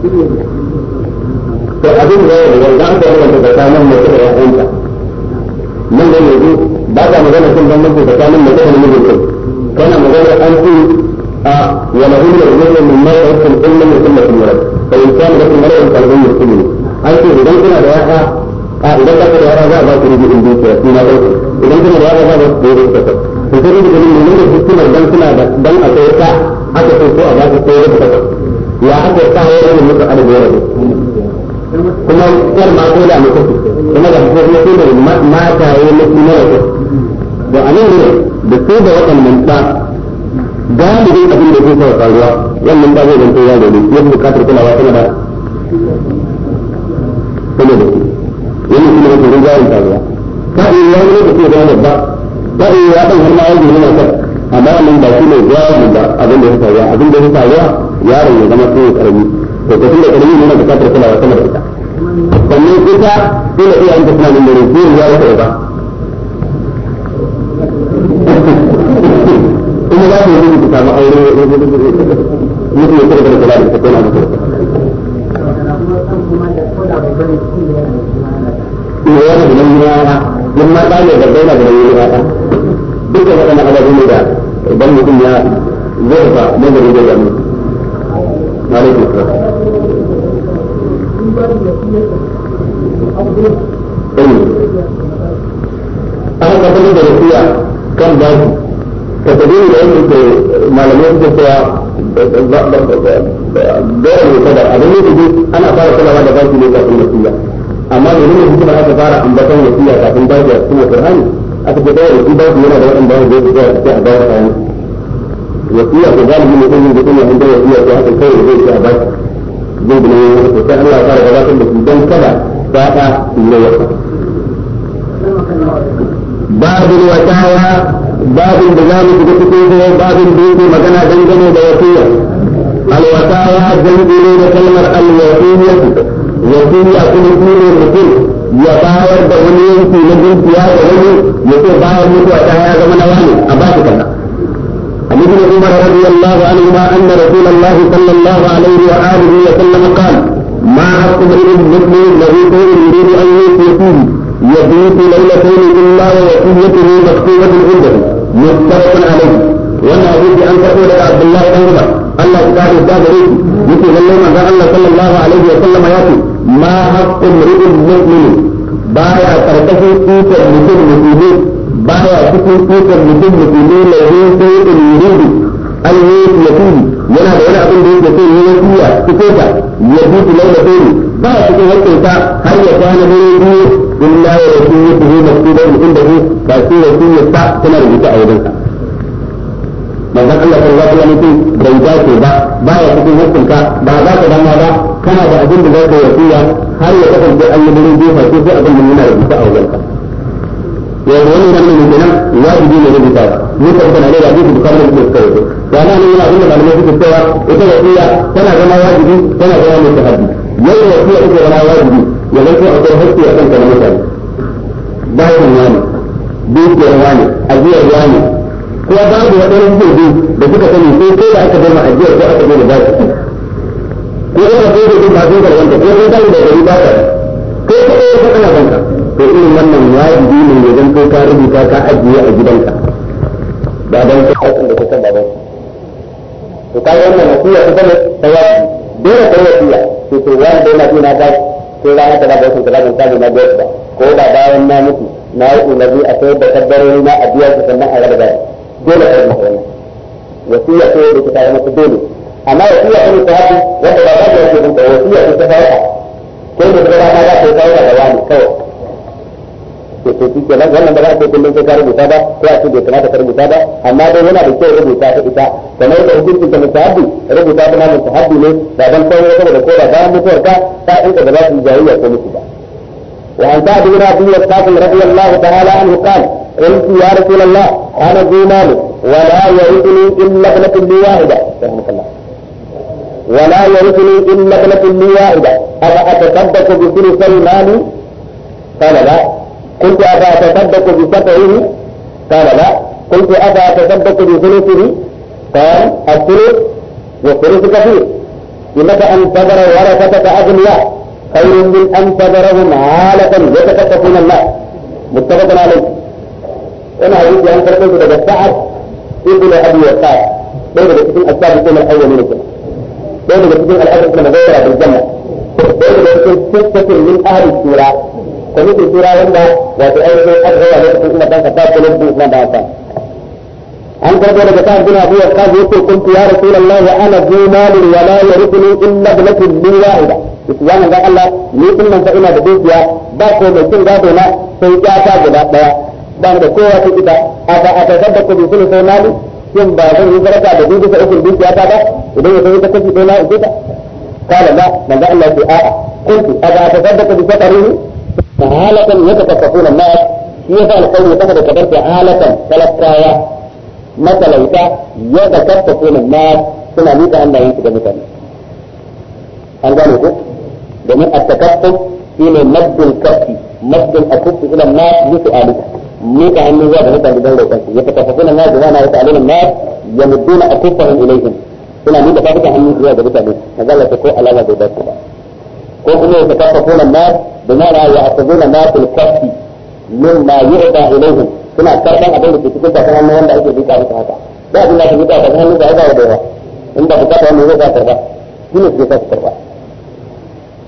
Thank you. to abin da ya yi da an kai wanda tsakanin mace da ya hanta nan da yanzu ba ka magana kan bambanci tsakanin mace da mijin kai kana magana an ce a wala hunna rajulun min mar'atin illa min sunnati mar'at fa in kana lakum mar'atun qalbun muslimin an ce idan kuna da yaka a idan ka da yaka za a ba ku rubi in dukiya na dauka idan kuna da yaka za a ba ku rubi ta ta to sai rubi ne mun da hikimar dan suna da dan akwai ka aka ko a ba ku ko rubi ta ya aka kawo rubi musu adadin rubi kuma yar ma ko da mutum kuma da kuma kuma sai da mata ya mutu na yau da anan ne da su da waɗannan ba galibin abin da ke kawo faruwa wannan ba zai zanto ya dole ya bukatar kulawa sama da sama da shi wannan shi ne wata rinjayen faruwa ka iya ya wani da ke zama babba iya ya ɗan har ma yanzu ne na kai amma nan ba shi ne jawabin ba abin da ya faruwa abin da ya faruwa yaron ya zama sun karami to kafin da karami ne bukatar kulawa sama da ita sannan ita dole iya yin tafiya ya ba kuma za yi ta samu aure ya da na mutum ne da gaina da rayu yara duk da waɗannan da mutum ya zai ba nazari da an ka tafi da rufiya kan daji ka tafi da yanzu ke malamai suke cewa dole ne kadar abin da ana fara kulawa da baki ne kafin rufiya amma da nuna hikimar aka fara ambaton rufiya kafin baki a cikin qur'ani aka ce dole ne baki yana da wadanda ba zai zuwa cikin a bawa kayan wasiya ko galibi ne ɗin da haka kawai zai a baki zai bane yin wasu sai Allah ya fara gaba kan da su don kada ta ta yi wasu. Babin wasawa, babin da zamu shiga cikin zuwa babin da yake magana dangane da wasiya. Alwasawa zangi ne da kalmar alwasiya. Wasiya kuma shi ne mutum ya bayar da wani yanki na dukiya da wani ya ce bayan mutuwa ta ya zama na wani a ba shi kanka. وعن ابن عمر رضي الله عنهما ان رسول الله صلى الله عليه واله وسلم قال ما عرفت من مسلم الذي كان يريد ان يكون يبيت ليلتين الا ووصيته مكتوبه عنده متفق عليه وانا اريد ان تقول عبد الله بن عمر الله تعالى الدابري يقول لما ان الله صلى الله عليه وسلم ياتي ما حق امرئ مسلم بايع تركه في مسلم المسلمين baya cikin tsotsar mutum musulmi mai zo sai in yuridu an yi yatiri yana da wani abin da yake so yi wasiya cikin ta ya bi su launa sai ba cikin hakkin ta har ya kwana da ya biyu in na ya yi ya tuhu da mutum da ba su wasiyar ta tana rubuta a wurin ka manzon Allah sallallahu alaihi wasallam bai dace ba baya cikin hakkin ka ba za ka dama ba kana da abin da za ka har ya kasance an yi wurin jefa sai abin da yana rubuta a wurin ka yanzu wani wani ne kenan wajibi ne rubuta ba ni kan kana da hadisi bukari da muslim kai ga nan yana abin da malamai suke cewa ita wasiya tana zama wajibi tana zama mustahabi yau wasiya ita zama wajibi ya zama akwai hakki akan kana mutane ne wani dukiyar wani ajiyar wani ko babu wadannan jirgi da suka sani sai ko da aka bar ma ajiyar ko aka bar da bashi ko da ko da ba sun wanda ko da da ba ka ko ko ko kana banka to irin wannan wajibi ne ya zanto ka rubuta ka ajiye a gidanka ba dan ka san da kusan baban to yi wannan nasiya ta zama ta wajibi dole ta wasiya to to wani dole na na ko rana ta ba da sun ta na ba ko da bayan na mutu na yi umarni a sayar da kaddarori na ajiya su sannan a raba dole ka rubuta wannan wasiya yi da ta yi ta dole amma wasiya ta yi ta haɗu wanda ba za ta yi wasiya ta fara ko da ta rana za ta yi fara wani kawai to to shi kenan wannan ba za ka kullum sai ka rubuta ba ko a ce bai kamata ka rubuta ba amma dai yana da kyau rubuta ta ita kamar da hukunci da mutahabbi rubuta ta namun tahabbi ne ba dan sai ya saboda ko da bayan mutuwar ka ta inda da za su jayayya ko musu ba wa an ta dira bi ya kafin radiyallahu ta'ala anhu qala قلت يا رسول الله انا ذو مال ولا يرثني الا ابنه لي واحده رحمك الله ولا يرثني الا ابنه لي واحده افاتثبت بثلثي مالي قال لا قلت تصدق بسبعه قال لا قلت تصدق بثلثه قال الثلث والثلث كثير إنك أن تذر ورثتك أغنياء خير من أن تذرهم عالة يتكففون الناس متفق عليه أنا أريد أن تقول لك السعد ابن أبي وقاص بين الاسم السابقين الأولين كما بين الاسم الأبرز لما الأول في الجنة بين الاثنين ستة من أهل الشورى kwamitin tura wanda wato ainihin aka yawa lokacin ina ɗan kasa ko lokacin ina da kasa an karɓo daga sa'ad bin abu waqqas yace kuntu ya rasulullahi ana zu malin wa la yarithuni illa ibnatun li wahida yace ya ga Allah ni din nan fa ina da dukiya ba ko mai jin gado na sai ta guda daya ban da kowa ta ita a ba a tasadda ko bisu sai malin shin ba zan yi barka da dukiya uku dukiya ta ba idan ya sai ta kashi ɗaya na ita kala ba manzon Allah su a'a kuntu a ba a tasadda ko bisu فهالة يتكففون الناس كيف القول يتكفر عالة ثلاث فلتكاية متى ليتا يتكففون الناس ثم ميتا أن لا ينتج مثلا هل أقول كيف؟ بني التكفف فيما مد الكف مد الأكف إلى الناس يتعالك ميتا أن نزاد هذا اللي بلو كنت يتكففون الناس بما نعرف عليهم الناس يمدون أكفهم إليهم ثم ميتا فاكتا أن نزاد هذا اللي بلو كنت هذا اللي بلو كنت وهم يتكففون الناس بمعنى يأخذون ما في الكف مما يعطى إليهم suna karɓar abin da ke cikin kasan hannun wanda ake bi kafin haka ba abin da ake bi kafin hannun da aka da yawa in ba bukata wannan zai ka karɓa shi ne suke kasu karɓa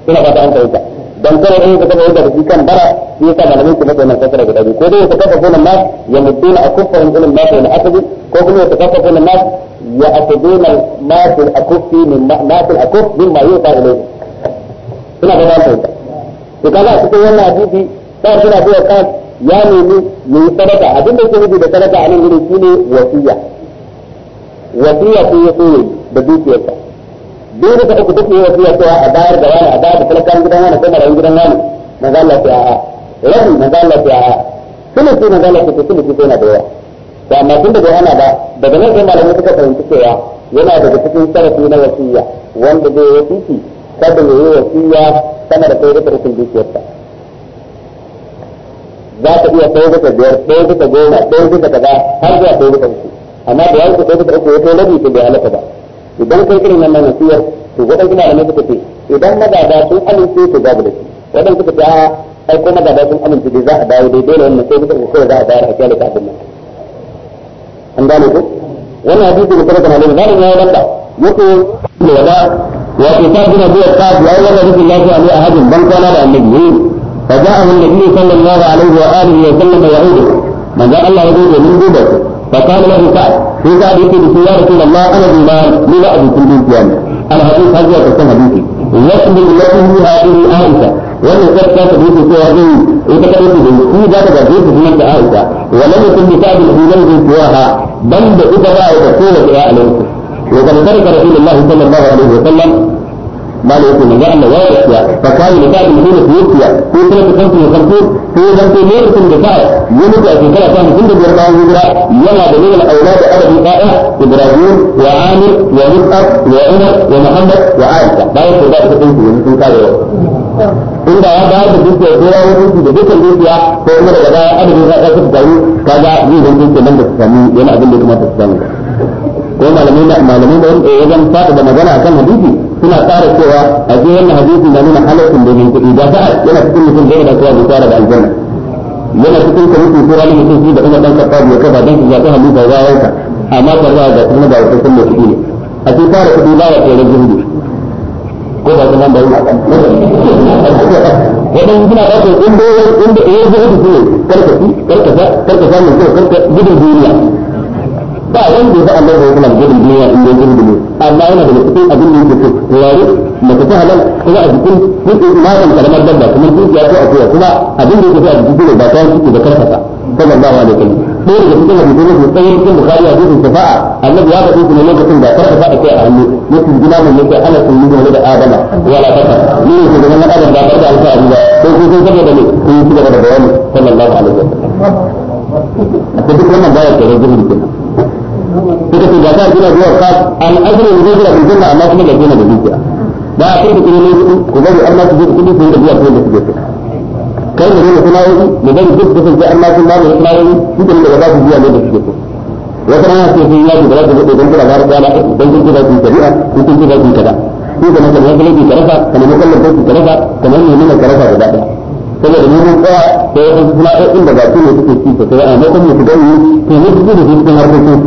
suna fata an fahimta dan kawai in ka taɓa yadda shi kan bara shi yasa malamin ku matsayin fasara guda biyu ko dai ta kafa kunan nas ya mudduna a kuffarin ilin nasu wani asabi ko kuma ta kafa kunan nas ya asabina nasu a kuffi min nasu a kuffi min ma yi ta ilaihi suna da dan sauka to ka a cikin wannan hadisi ta suna da ka ya nemi yi sadaka abin da ke nufi da sadaka a nan shi ne wasiya wasiya ce ya so da dukiyarsa duk da ka duk yawa wasiya cewa a bayar da wani a bayar da talakan gidan wani ko marayin gidan wani manzo Allah ya a rabi manzo Allah ya a kuma sai magana Allah ya ce kuma sai na da yawa to amma tun da bai hana ba daga nan sai malamai suka fahimci cewa yana daga cikin sharafi na wasiya wanda zai wasiki kada ya yi wasiya sama da kai bisa rikin dukiyarta za ka iya ɗaya bisa biyar kai bisa goma ɗaya bisa kaza har zuwa kai bisa uku amma da ya kai ɗaya bisa uku ya kai rabi to bai halatta ba idan kai irin nan wasiyar to waɗansu da suka ce idan magada sun amince su babu da shi waɗansu suka ce a'a ai ko magada sun amince dai za a dawo dai dole wannan kai bisa uku kawai za a bayar a kyale ta abin nan an gane ko wannan hadisi da kuma malamin da zalim ya yi wanda yake da wada wato ta gina zuwa kaf ya yi wannan rufin lafiya ne a hajjin ban kwana da annabi ba eh. ja'ahu annabi sallallahu alaihi wa alihi wa sallam ya'udu manzo Allah ya zo domin duba su fa kana lahu sa'ad sai sa'ad yake da ya rasulullah ana biman ni la abu kun dukiya ne alhadith hajja ta san hadisi yasbu lahu hadhihi aisha wannan sarka ta duki cewa zai ita ta duki da shi za ta gaje su sunan da aisha wa lam yakun bi sa'ad al-hulal bi ban da ita ba ta kowace ya alaihi وقد ترك رسول الله صلى الله عليه وسلم ما لا يكون لأنه لا يحيى فكان لكعب المدينة يحيى في سنة 55 في ذنب ليلة الدفاع يمكن في سنة 50 بأربعة هجرة يلا بين الأولاد أبي بائع إبراهيم وعامر ومسعر وعمر ومحمد وعائشة لا يكون ذلك في سنة 50 inda ya bayar da dukiya ko ya yi da dukkan dukiya ko kuma daga baya adadin ya kasance da kaga zai zan dukiya nan da su sami yana abin da ya kamata ko malamai da malamai da wanda ya zan fada da magana akan hadisi suna tsara cewa a ji wannan hadisi na nuna halaccin da yake da ba yana cikin mutum da yake da tsara da aljanna yana cikin kamar ko ranar mutum shi da kuma dan kafa ya kafa dan ya ta halifa ya yanka amma karba da kuma da wata kuma kuɗi ne a cikin fara kuɗi ba ya tsere jihudi ko ba kuma da wani wadan suna ba su inda inda ya da su ne karkafi karkasa karkasa mai kyau karkasa duniya ba wanda ya a Allah da wasu gudun duniya in yi gudun duniya amma yana da cikin abin da yake turare mace ta halal kuma a jikin duk malam karamar dabba kuma dukiya ko akuya kuma abin da yake a jikin dole ba ta ciki da karfasa sallallahu alaihi wasallam ko da cikin hadisin da sai cikin bukhari a cikin shafa'a annabi ya faɗi kuma lokacin da karfasa a kai a hannu yake gina mun yake ana sun yi da adama ya la ta ni ne da na adam da ba da alfahari ba ko ko saboda ne kun ci gaba da bayani sallallahu alaihi wasallam a cikin wannan bayar da rajulun kenan suka ce gasa gina zuwa ka al'asar da zai gina biljanna amma kuma ga gina da dukiya ba a kai da kuma ku bari Allah su je da yi da biya da kai da ne sana'o'i da bari duk Allah sun ba mu sana'o'i su da daga ba biya ne da su wata rana sai sun yaji da zaka gudu don kula ba da don kun kira kun kun kun kira kun kada kuma kan kamar ne kallon kun karafa kamar ne nuna guda saboda ni mun tsaya da wasu ba su ne suke ci a maimakon mu su gani to ne da su cikin harkokin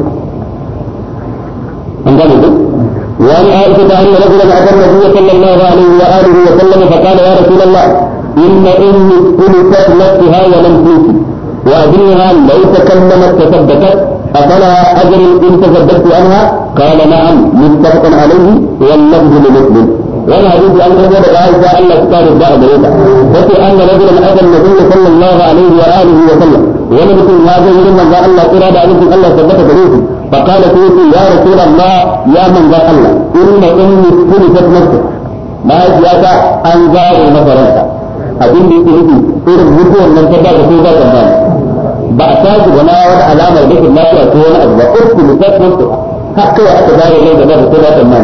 انقلبوا وعن عائشة أن رجلا أتى النبي صلى الله عليه وآله وسلم فقال يا رسول الله إن أمي كلفت نفسها ولم توفي وأظنها لو تكلمت تصدقت أفلا أجر إن تصدقت عنها قال نعم متفق عليه واللفظ لمسلم وانا أريد أن أقول عمر عائشة أن تكاد الدار بريدة وفي أن رجلا أتى النبي صلى الله عليه وآله وسلم wani mutum ya zo wurin manzon Allah kira da abin Allah tabbata gare shi fa kana ko yace ya rasul Allah ya manzon Allah inna ummi kulifat nafsi mahaifiyata an zaro masa ranka abin da yake nufi irin mutuwar nan ta daga ko ba ta ba ba a tashi wani wata alama da ke a ko wani abu ba uku kulifat nafsi haka ya aka zaro ne da ba ta ba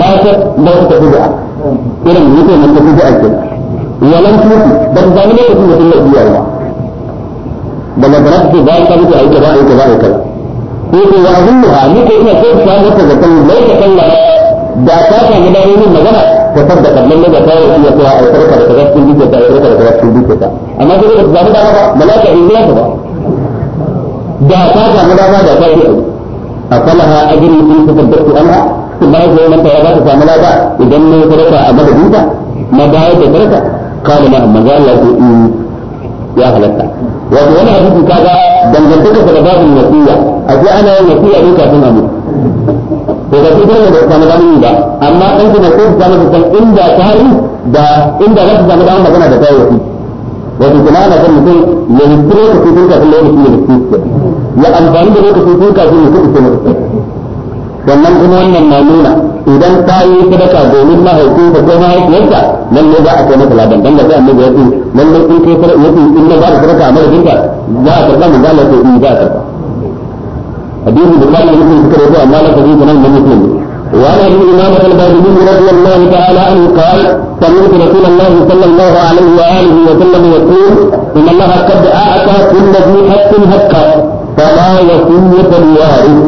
mata da ta bid'a irin mutuwar nan ta bid'a kenan walan tuki ba ta zama ne da sun da sun da iyawa da magana ce bayan ka mutu a yi ba a yi ba a yi kaza ko ko wa azunnuha ni ko ina sai ta mata da kan mai ta kan da ta ta samu damar yin magana ta fadda kallon da ta yi iya cewa a sarka da kaza cikin dukiya ta yi sarka da kaza cikin dukiya ta amma sai da ta samu dama ba malaka in zira ta ba da ta samu dama da ta yi a falaha ajiri in ta tabbatu anha bayan sai mata ya ba ta samu lada idan ne sarka a madadinta na bayar ta sarka قال نعم ما قال له ya halatta wato wani hadisi kaga dangantaka da babin wasiya a ce ana yin wasiya ne kafin amu to ga shi kuma da kuma ba amma dan kuma ko da samu san inda ta hari da inda za ta samu da magana da kai wasi wato kuma ana mutum ya yi lokacin kafin lokacin da ya ya amfani da lokacin kafin ya kuɗi sannan kuma wannan na nuna idan ta yi sadaka domin mahaifinka ko mahaifiyarka nan ne za a kai masa ladan dan da sai annabi ya ce nan ne in kai sadaka yace in na ba da sadaka a madadinka za a karba mun ko in za a karba hadisi bukhari da muslim suka rawaito amma na kaji nan da وعن ابي امامه الباجلي رضي الله تعالى عنه قال سمعت رسول الله صلى الله عليه واله وسلم يقول ان الله قد اعطى كل ذي حق حقه فلا وصيه الوارث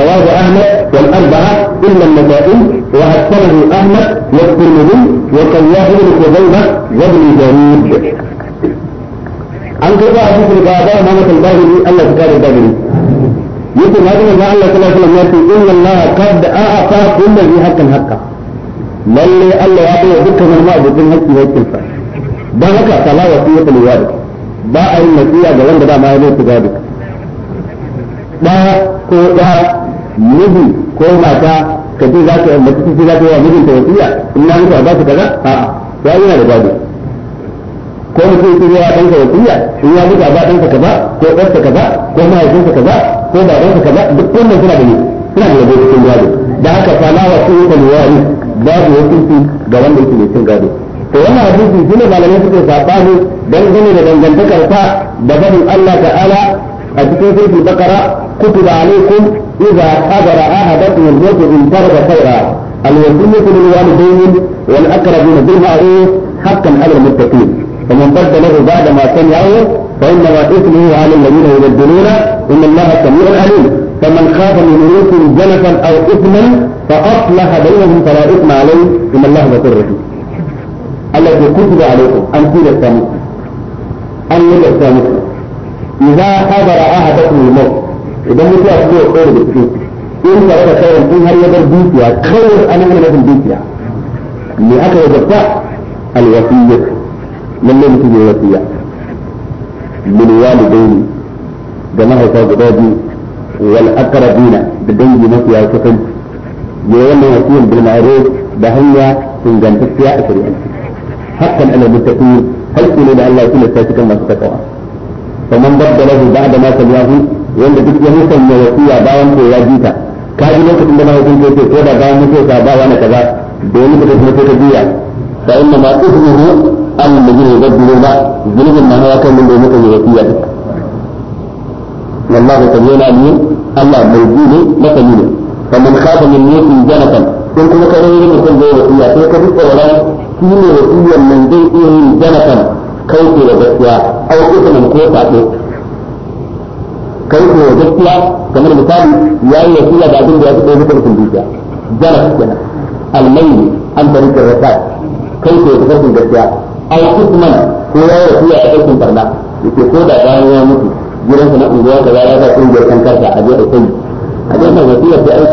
رواه احمد والأربعة إلا النسائي وأكثره أحمد والترمذي وقواه بن خزيمة وابن جريج. عن كذا حديث القعداء إمامة الباهلي الله تعالى الباهلي. يمكن هذا ما الله صلى الله عليه وسلم يأتي إن الله قد أعطى كل ذي حق حقه. للي الله يعطيه دكة من ما بدون حقي ويكلفه. ده لك صلاة وصية لوالد. ده أي yi ده ga wanda dama ya zo su ده miji ko mata ka ce za ka yi ce za ka yi wa mijin ta wasiya in na mutu a ba su kaza a'a ya yana da gado ko mutum ce ya ɗanka wasiya shi ya mutu a ba ɗanka kaza ko ɗansa kaza ko mahaifinsa kaza ko babansa kaza duk wannan suna da ne suna da rabo cikin gado da haka fala wa su yi wani babu hukunci ga wanda yake mai cin gado to wannan hadisi shine malamai suke sabani dangane da dangantakar ta da barin Allah ta'ala a cikin suratul baqara كتب عليكم إذا حضر أحدكم الموت إن ترك خيرا الوصية للوالدين والأقربين بالمعروف حقا على المتقين فمن فرد له بعد ما سمعه فإنما إثمه على الذين يبدلون إن الله سميع عليم فمن خاف من ملوك جنفا أو إثما فأصلح بينهم فلا إثم عليه إن الله غفور رحيم الذي كتب عليكم أن تلك أن يلك إذا حضر أحدكم الموت idan mutuwa ta zo ɗaya da cikin in tare da kawai in har ya bar dukiya kawai an yi nufin dukiya me aka yi zarta alwasiyya lalle mutum ya wasiya min walidaini da mahaifa guda biyu wal aqrabina da dangi mafiya kusanci ya wannan wasiyan bil ma'ruf da hanya ingantacciya a shari'ance hakan ala muttaqin hakki ne da Allah ya tilasta cikin masu takawa فمن baddalahu ba'da ma sami'ahu wanda duk ya musanya wasiya bayan ko ya jita ka ji lokacin da mahaifin ka ce ko da bayan mutuwa ka ba wani kaza da wani kaza kuma sai ka juya fa inna ma ismuhu al-mujrimu baddalu ba zulmin ma hawa kan mutum ya wasiya duk والله سميع عليم الله موجود مثلي فمن خاف من نية جنفا كنت مكرهين من كل دور وصية فيك بك ولا iya yin من ذي جنفا ke da gaskiya aw isman ko sako kai ko gaskiya kamar misali yayi wasiya da abin da ya fito mutum kun dukiya jarar kenan almayli an tarikin rasal kai ko a gaskiya aw isman ko yayi wasiya da kai barna yake ko da bayan ya mutu gidansa na unguwa kaza ya ba kungiyar kankarta a je a kai a je a wasiya sai an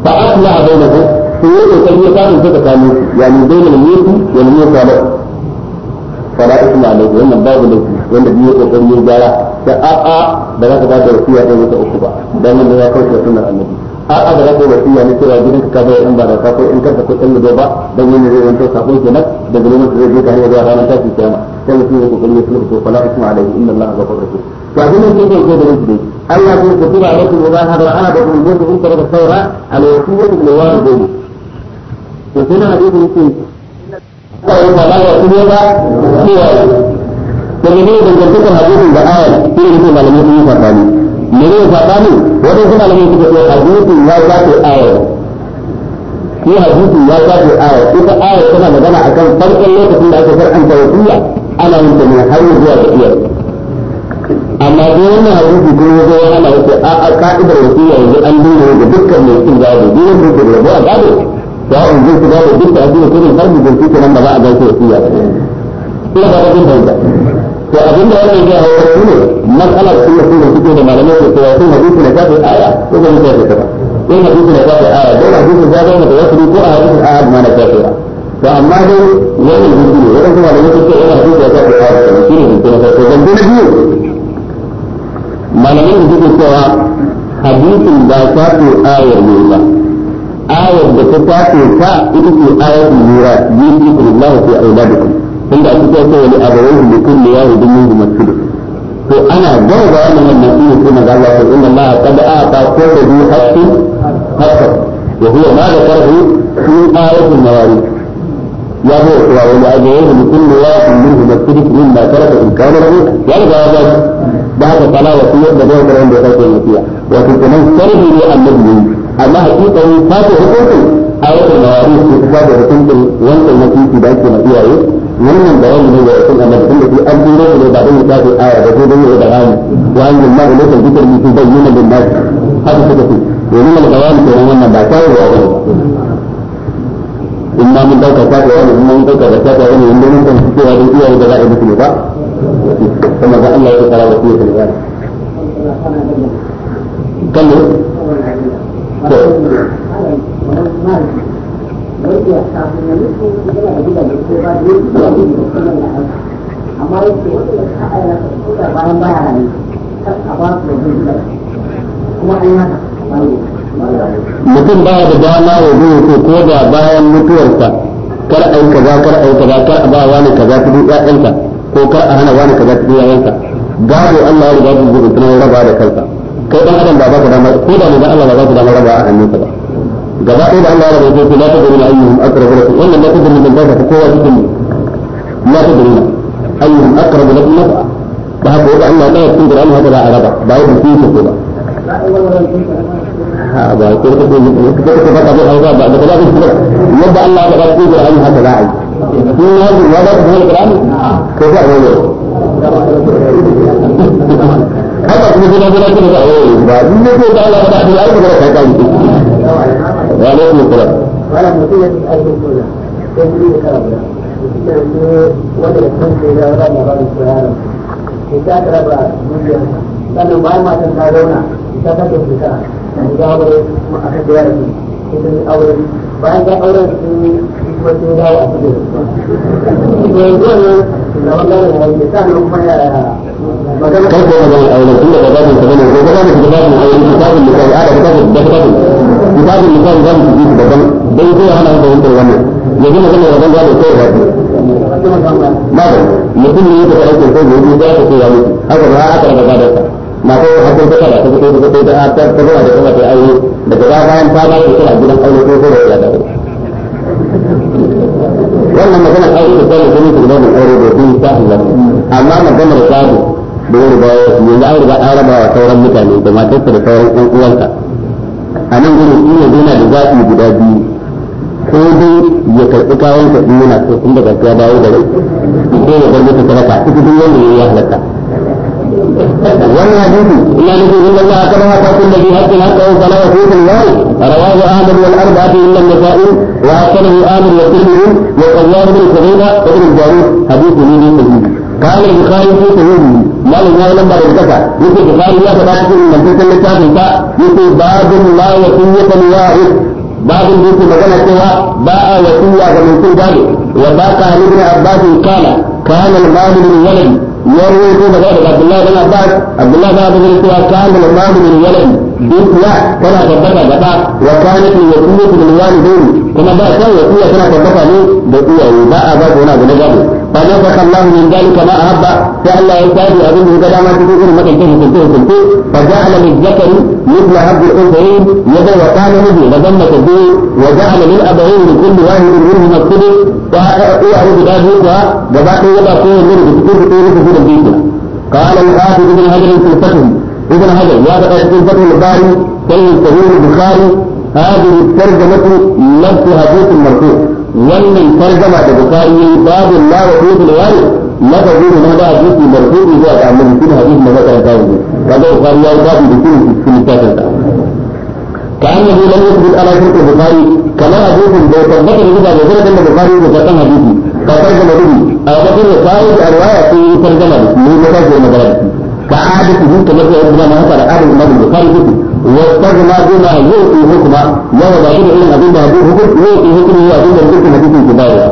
ka kai ya samu tsakanin yani bainal yati fara isma alaihi wannan babu laifi wanda biyu kokari ya gyara da a a ba za ka ba da wasiya ɗaya wata uku ba dan wanda ya kauce sunnar annabi a a ba za ka wasiya ne cewa gidanka ka bayar in ba da ko in kanka ko ɗan ba dan wanda zai zanto sako kenan daga lokacin zai je ka hanyar zuwa ranar tashin kiyama sai mutum ya kokarin ya sulhu to fara isma alaihi inna allaha ghafurur rahim to abin da yake so da mutum dai Allah ya kutiba alaikum wa hadar ana da kun gudu in tare da saura alwasiyatu bil warid to sai na hadisi yake kawai ba ba ya kuma ba cewa da ne da gantukan hadisin da ayar shi ne kuma malamai sun yi ne ne wani suka ce hadisin ya zafi ayar shi hadisin ya ayar ita ayar tana magana akan farkon lokacin da aka ana yin ta ne har zuwa da iyar amma dai wannan hadisi ko yake a ka'idar wasiya yanzu an dinga yin dukkan mai gado da rabo a gado sawa'un zai shiga da duk da addini har mu gunki kenan ba za a ga shi wasiya ba ina ba rabin bauta to abin da wannan ya hawo shi ne matsalar sun da sun suke da malamai da cewa sun hadisi na kafi aya ko ba mutum ya ba in hadisi na kafi aya dole hadisi ya zama da wasu ko a hadisi a ma na aya to amma dai wani gunki ne wani kuma da yake cewa ina hadisi ya kafi aya to shi ne gunki na kafi dan dole biyu malamin da suke cewa hadisin ba kafi ayar ne ba ayar da ta tace ta ita ce ayar lura yin Allah fi auladikum tunda aka ce wani abawaihi da kulli yahudin minhum masjid to ana gaba da wannan wannan shine sai manzo Allah inna Allah qad aata kullu dhi haqqin haqqa wa huwa ma dhakarahu fi ayatin mawarith ya zo wa wani abawaihi da kulli yahudin minhum masjid mimma taraka in kana lahu ya ga ba da wa da wanda ya mutiya kuma sarhi ne annabi amma hakikan fata hukuncin a wata mawari su ta fata hukuncin wancan na titi da ake na iyaye wannan bayani ne ga yakin amma tun da shi an duro ne ba don ya tafi aya da ko don ya da rami wa an yin ma'u lokacin zikir ne su bayyana bin nasu haka suka ce domin da bayani kenan wannan ba kawai wa wani in ma mun dauka ta da wani mun dauka da ta da wani wanda mun san cewa don iyaye da za a yi musu ne ba kuma da Allah ya tsara wasiyar da ya kallo ya ya ba da mutum baya da dama ya zo ko ko da bayan mutuwarsa kar a kaza kar a kaza kar a ba wani kaza ta duk ƴaƴansa ko kar a hana wani kaza ta duk ƴaƴansa gado Allah ya riga da zubutun raba da kansa kai dan adam ba za ku dama ko da Allah ba za ku dama raba a hannunsa ba gaba ɗaya da Allah ya rabu ko la tadruna ayyuhum aqrabu lakum wannan la tadruna dan ba kowa cikin mu la tadruna ayyuhum aqrabu lakum naf'a da haka wanda Allah ta cikin Qur'ani haka za a raba ba wai bikin su ko ba ba ba ba ba ba ba a yi ba haka kuma gina gina gina da eh ba ni ne ko da Allah da Allah ai da kai kai wa alaikum assalam wala mutum ya aiki kula sai kudi da karaba wanda ya san sai da ranar ba su yaron ke ta da duniya sannan bayan matan ta zauna ta take fita da aure kuma aka da yaron ita ne aure bayan ta aure da yi kuma sun dawo a cikin su. Yanzu wannan da wannan ya yi sa nan kuma ya kai ko magana auren tunda ba za mu ta bane ko ba za babin auren kitabun misali ada kitabun da kitabun kitabun misali za ci shi daban dai zai hana da wannan wannan yanzu magana da ban gado kai rafi ba mutum ne yake da aikin ko gobe za ka kai musu haka ba aka da gado ka na ko hakan ta kada ta fito ko fito ta ta ta da kuma ta aure daga ba bayan ta ba ta kira gidan aure ko ko da ya dawo wannan magana aure da ta ko da aure da ta amma magana da gado da ya riga yanzu an riga an raba wa sauran mutane da matarsa da sauran ɗan uwansa a nan gurin shi ne yana da zaɓi guda biyu ko dai ya karɓi kayan sa in yana so tun daga ya dawo da rai ko ya bar masa sadaka ita duk wanda ya halatta wannan hadisi ina nufi in Allah kama haka kullu bi haqqin haqqa wa fala yusifu Allah rawahu Ahmad wal arba'atu illa nasai wa haqqahu Ahmad wa Tirmidhi wa Qawwad bin Sabina wa Ibn Jarud hadithu ne ne sahihi قال البخاري في صحيحه malam ya lamba da kasa yake bukari ya faɗa cikin mantaccen littafin sa yake babin la wasiyyatan wa'id babin da yake magana cewa ba a wasiyya ga mai cin gado wa ba ka ibn abbas kana kana al-mal min walad yarwi ko da abdullahi bin abbas abdullahi bin abbas cewa kana al-mal min walad dukiya tana tabbata gaba wa kana fi wasiyyatu min walidayni kuma ba ta wasiyya tana tabbata ne da iyaye ba a ba abu na gado فنفخ الله من ذلك ما أحب فألا يسأل أبن القدامى تكون مثل كيف تنتهي تنتهي فجعل للذكر مثل عبد الأنثيين يدا وقال له لذمة الدين وجعل للأبوين لكل واحد منهما السدس وأعوذ بذلك وباقي يدا كل من بتكون بتكون بتكون بتكون قال الحافظ ابن هجر في ابن هجر يا بقى في الباري سيد سهول البخاري هذه الترجمة لفظ حديث مرفوع wannan tarjama da bukari babu la wa qul la yari la ga gudu na da duki marfu'i zuwa ga mun kuma hadisi na makaran ta wuce kaga bukari yayi babu da ne cikin tafsir ta ka annu bi lam yusbit ala shirk bukari Kana hadisi da tabbata ne da gudu da bukari da kan hadisi ka tarjama duki a bakin da sai da riwaya sai yi ne ne da ga magana ka hadisi duka da ibn Umar ma haka da ibn Umar bukari duki واستغنى بما يؤتي حكمه لو بشر الى ابن هذه حكم يؤتي حكمه ابن الحكم حديث كفايه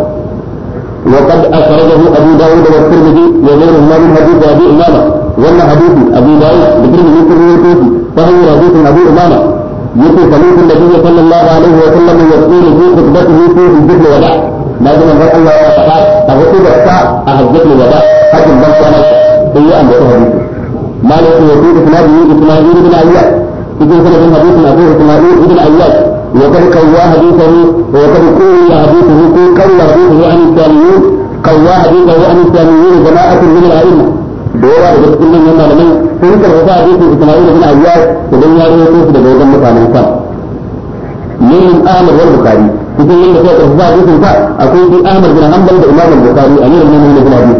وقد اخرجه ابو داود والترمذي وغيرهما من حديث ابي امامه وان حديث ابي داود بالترمذي كله فهو حديث ابي امامه يقول سمعت النبي صلى الله عليه وسلم يقول في خطبته في حجه الوداع ما دام ان الله تعالى فغسل الساعه حجه الوداع حج البلد كانت هي ان تهديه ما له يقول اسماعيل اسماعيل بن اياس cikin da hadisin abu isma'il ibn ayyad wa kad kawwa hadithahu wa kad qawwa hadithahu ko kawwa hadithahu an al kawwa hadithahu an al-thamiyyin min al-a'imma da yawa daga cikin manyan malamai sun karfafa hadisin isma'il ibn ayyad idan ya rawaito su daga wajen mutanen sa min al wal bukhari cikin da suka karfafa hadisin sa akwai bi ahmad bin hanbal da imam al-bukhari amirul mu'minin ibn abi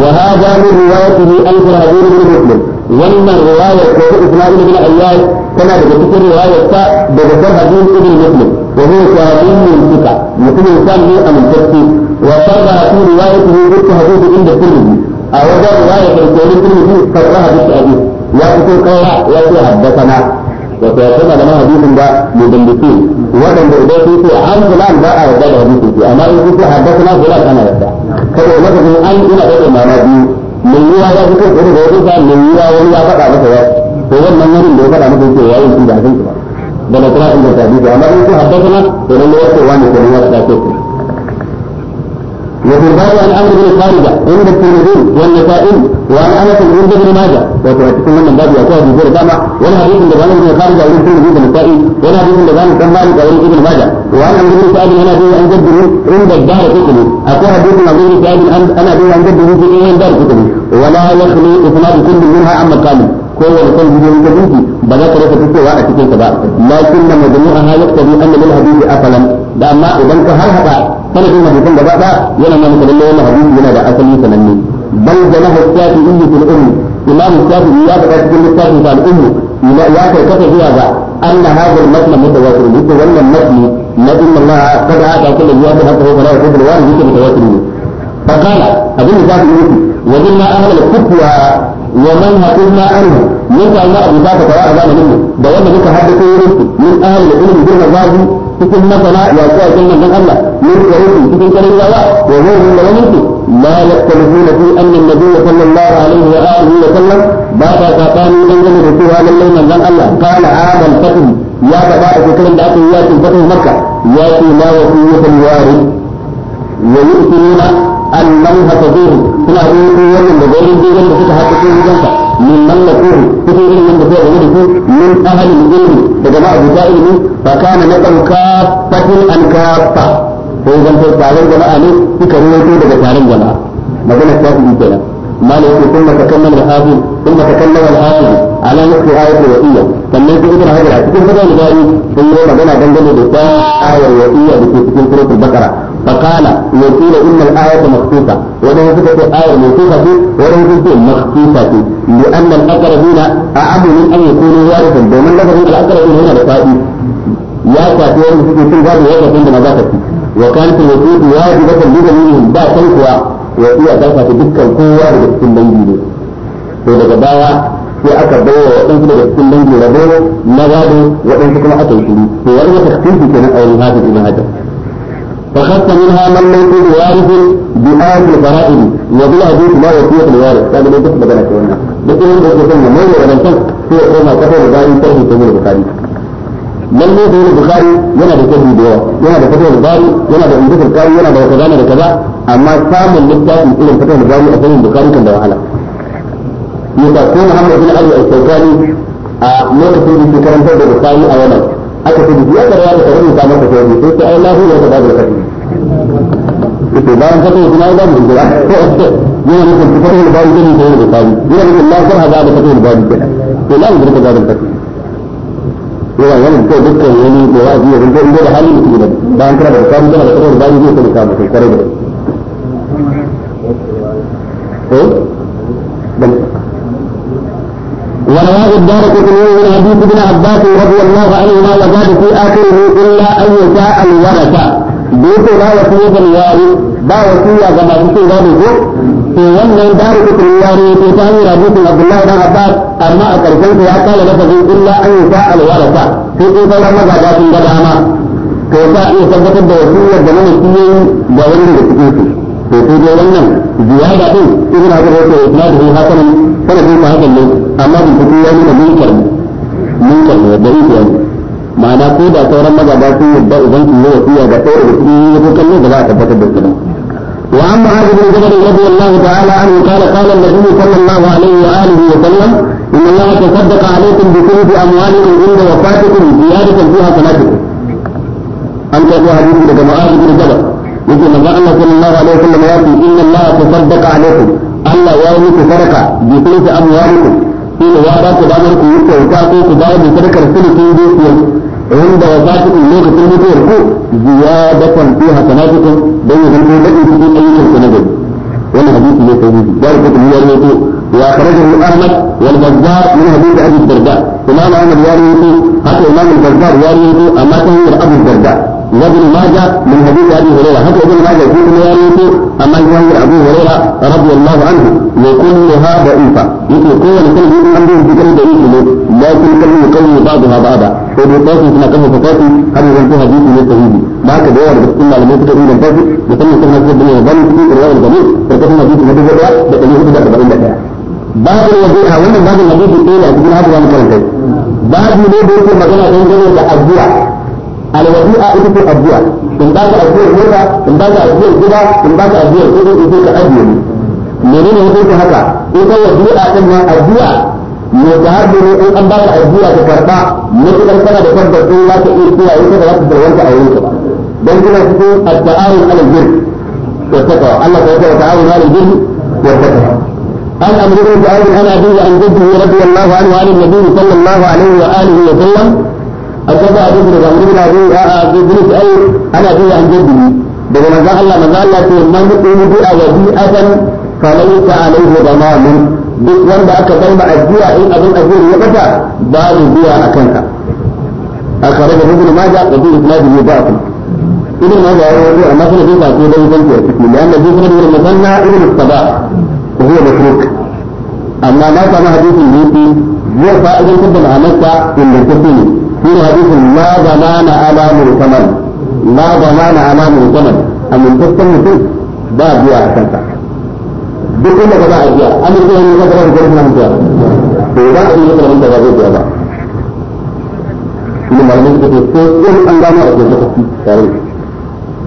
wa hadha min riwayatihi al-bukhari muslim wannan riwayar ko ta Isma'il bin Ayyad tana daga cikin riwayar ta daga Sahih ibn Muslim wa huwa sahabiyyun thika mutumin san ne amintacce wa sarra fi riwayatihi bi tahdid inda kulli a wajen riwayar da ke cikin kulli sarra bi abi ya fito kawa ya ce haddathana wa ta kuma da hadisin da mudallisi wadanda idan sun ce an fulan ba a yarda da hadisin amma in sun ce haddathana fulan ana yarda kada lokacin an ina da mamaki mai yiwa ya fito da daga wajen sa mai yiwa wani ya faɗa masa ya to wannan wurin da ya faɗa masa yake yayin shi da kanki ba da na kira inda tabi amma in ku haddasa na to nan ne wato wani ko ne ya faɗa ke وفي الباب عن عمرو بن خالد عند الترمذي والنسائي وعن انس عند بن ماجه وتذكر من الباب يقول ابن جرير جامع ولا حديث عند غانم بن خالد عند الترمذي والنسائي ولا حديث عند غانم بن مالك عند ابن ماجه وعن عمرو بن سعد عن ابي عن جده عند الدار قطني اقول حديث عن عمرو بن سعد عن ابي عن جده في عند الدار قطني ولا يخلو اسناد كل منها عن مقامه كل kan bidiyoyin da duki ba za ka rasa fitowa a cikin sa ba lakin na majmu'a ha yaktabi anna sanadin hadisin da ɗaya yana nan lalle wannan yana da asali sananne bal janahu shafi'i fil ummi imam shafi'i ya faɗa cikin littafin sa al ya kai kafa zuwa ga anna hadha al-matna mutawatir yake wannan matni na inna Allah qad ata kullu yawmin hatta huwa la yaqulu wa yake mutawatir ne فقال na ذاك يوسف وجدنا أهل الفتوى ومن حفظنا عنه ينفع ما أبو ذاك فراء ذاك منه ده وأن ذاك حدث يوسف من أهل العلم cikin masana ya ku a cikin nan Allah min qawli cikin karin rawa wa mun min minki la ya fi anna an-nabiy sallallahu alaihi wa alihi wa sallam ba ta tsakani dangane da cewa lallai manzon Allah kana aman fatin ya faɗa a shekarun da aka yi yakin fatin makka ya ku ma wa fi yuhal wari wa yu'minuna annan haka zuhu suna rubutu wannan da gairin jirgin da suka haka sun gidansa min mallakuhu kusa irin wanda suka gaba da su min ahalin ilmi daga ma abuta ilmi fa kana na ɗauka fatin an kafa sai zan sai taron jama'a ne suka rubutu daga taron jama'a magana ta fi kenan مالك ثم تكلم الحافظ ثم تكلم الحافظ على نصف آية الوئية sannan sai ibn hajar a cikin fadar gari sun yi magana dangane da ta ayar wa'iya da ke cikin suratul bakara فقال وقيل إن الآية مخطوطة وله فكرة آية موثوقة وله فكرة مخطوطة لأن الأقربين أعم من أن يكونوا وارثا ومن لفظ الأقربين هنا بفائدة يا كافي ومن فكرة كل باب وجهة عند نظافتي وكانت الوقوف واجبة لدليلهم با تنكوا وهي ذاك تدك القوة بسكن بيدي daga baya sai aka bai wa waɗansu daga cikin dangi rabo na gado waɗansu kuma aka yi shiru to wani wata tafiye kenan a wani hajji ibn hajar فخص منها من ليس وارث بآية الفرائض وبالحديث لا وصية الوارث هذا ليس بدنا كنا لكن هم يقولون ما هو ولم تكن هو كما كتب البخاري شرح سبيل البخاري من ليس هو البخاري ينا بكتب دواء ينا بكتب البخاري ينا بإنجاز الكاري ينا بكذا ينا بكذا أما سام اللبتة من إلى كتب البخاري أصلا البخاري كان بوحلا يتكون هم ابن علي الشوكاني a lokacin da ke karantar da bukari a yanar aka ce da biyar da ya da karin samun da sai ta ai lahu ya ta babu kadi ورواه الدارك من حديث ابن عباس رضي الله عنه ما يزال في اخره الا ان يشاء الورثه da yake la wasiyatan yari ba wasiya ga masu cin gado ko to wannan daru kutun yari to ta hanyar hadisin Abdullahi dan Abbas amma a karshen ya kala lafazin illa an yusa alwarasa sai in sauran mazaga sun ga dama to ta iya tabbatar da wasu yadda mana shi ga wanda da cikin su to sai dai wannan ziyada din da Hajar na ce isnaduhu hasanan sanadin sa hakan ne amma bincike ya nuna munkar munkar da yake ma'ana ko da sauran magaba sun yadda idan kin yi wasiya da ɗaya da cikin yi ko kallon da za a tabbatar da su ba وعن معاذ بن جبل رضي الله تعالى عنه قال قال النبي صلى الله عليه واله وسلم ان الله تصدق عليكم بثلث اموالكم عند وفاتكم زياده فيها صلاتكم. انت في حديث لك معاذ بن جبل يقول من الله صلى الله عليه وسلم يقول ان الله تصدق عليكم الله يومك صدقه بثلث اموالكم في نوابات دامكم يكتب وكاكو تداوم بصدقه الثلث في عند وفاتكم لوكة المتور كو زيادة في حسناتكم بين ذنبه الذي تكون أي سنجد ولا حديث ليس يجوز ذلك يروي وأخرجه أحمد والبزار من حديث أبي الدرداء إمام أحمد يروي حتى إمام البزار يروي أما تهير أبو الدرداء وابن ماجه من حديث ابي هريره حتى ابن ماجه في روايته اما جهل ابو هريره رضي الله عنه وكلها ضعيفه يقول كل كلمه عنده ذكر ضعيف لكن كلمه يقوي بعضها بعضا sai dai tsawon suna kafa fasati har yanzu ko hadisi ne sahihi da haka da yawa daga cikin malamai suka inganta tafi da sannan suna cikin dunya ban cikin irwa da gani karkashin hadisi na dubu daya da ɗari hudu da arba'in da ɗaya babu wajiha wannan babin hadisi ɗaya ne a cikin hadu zamu karanta babu ne da yake magana dangane da addu'a alwadi'a ita ce addu'a in ba ka addu'ar mota in ba ka addu'ar gida in ba ka addu'ar kuɗi in ka ajiye ne menene hukunci haka ita wadi'a ɗin nan addu'a mutahaddiri in an baka ajiya ka karba mutukar kana da tabbacin za ka iya kiyaye ta da za ka tarwanta a wurin ka dan kina cikin at-ta'awun ala al-birr wa Allah ta yarda ta'awun ala al-birr wa an amru bin ta'awun ana bi an jiddu radiyallahu anhu an nabi sallallahu alaihi wa alihi wa sallam akaba abu da amru bin abi abu bin ta'awun ana bi an jiddu daga manzon Allah manzon Allah ce man mutu bi'a wa bi'atan falaita alaihi damamun duk wanda aka bai ma ajiya in abin ajiyar ya bata babu biya a kanka a kare da ibn majah da ibn majah ba ku ibn majah ya yi amma sai da sai da ibn a ciki ne annabi sai da ibn musanna ibn sabah ko huwa mashruk amma na samu hadisin da yake zai fa'idantar da ma'anarsa inda take ne shi ne hadisin la na ala murtaman la zamana ala murtaman amintaccen mutum ba biya a kanka duk inda ka za a biya an yi tsayin ka kara da gwamnati biya to ba a yi karamin da ba zai biya ba shi malamin da ce ko an gano a gwamnati kafi tare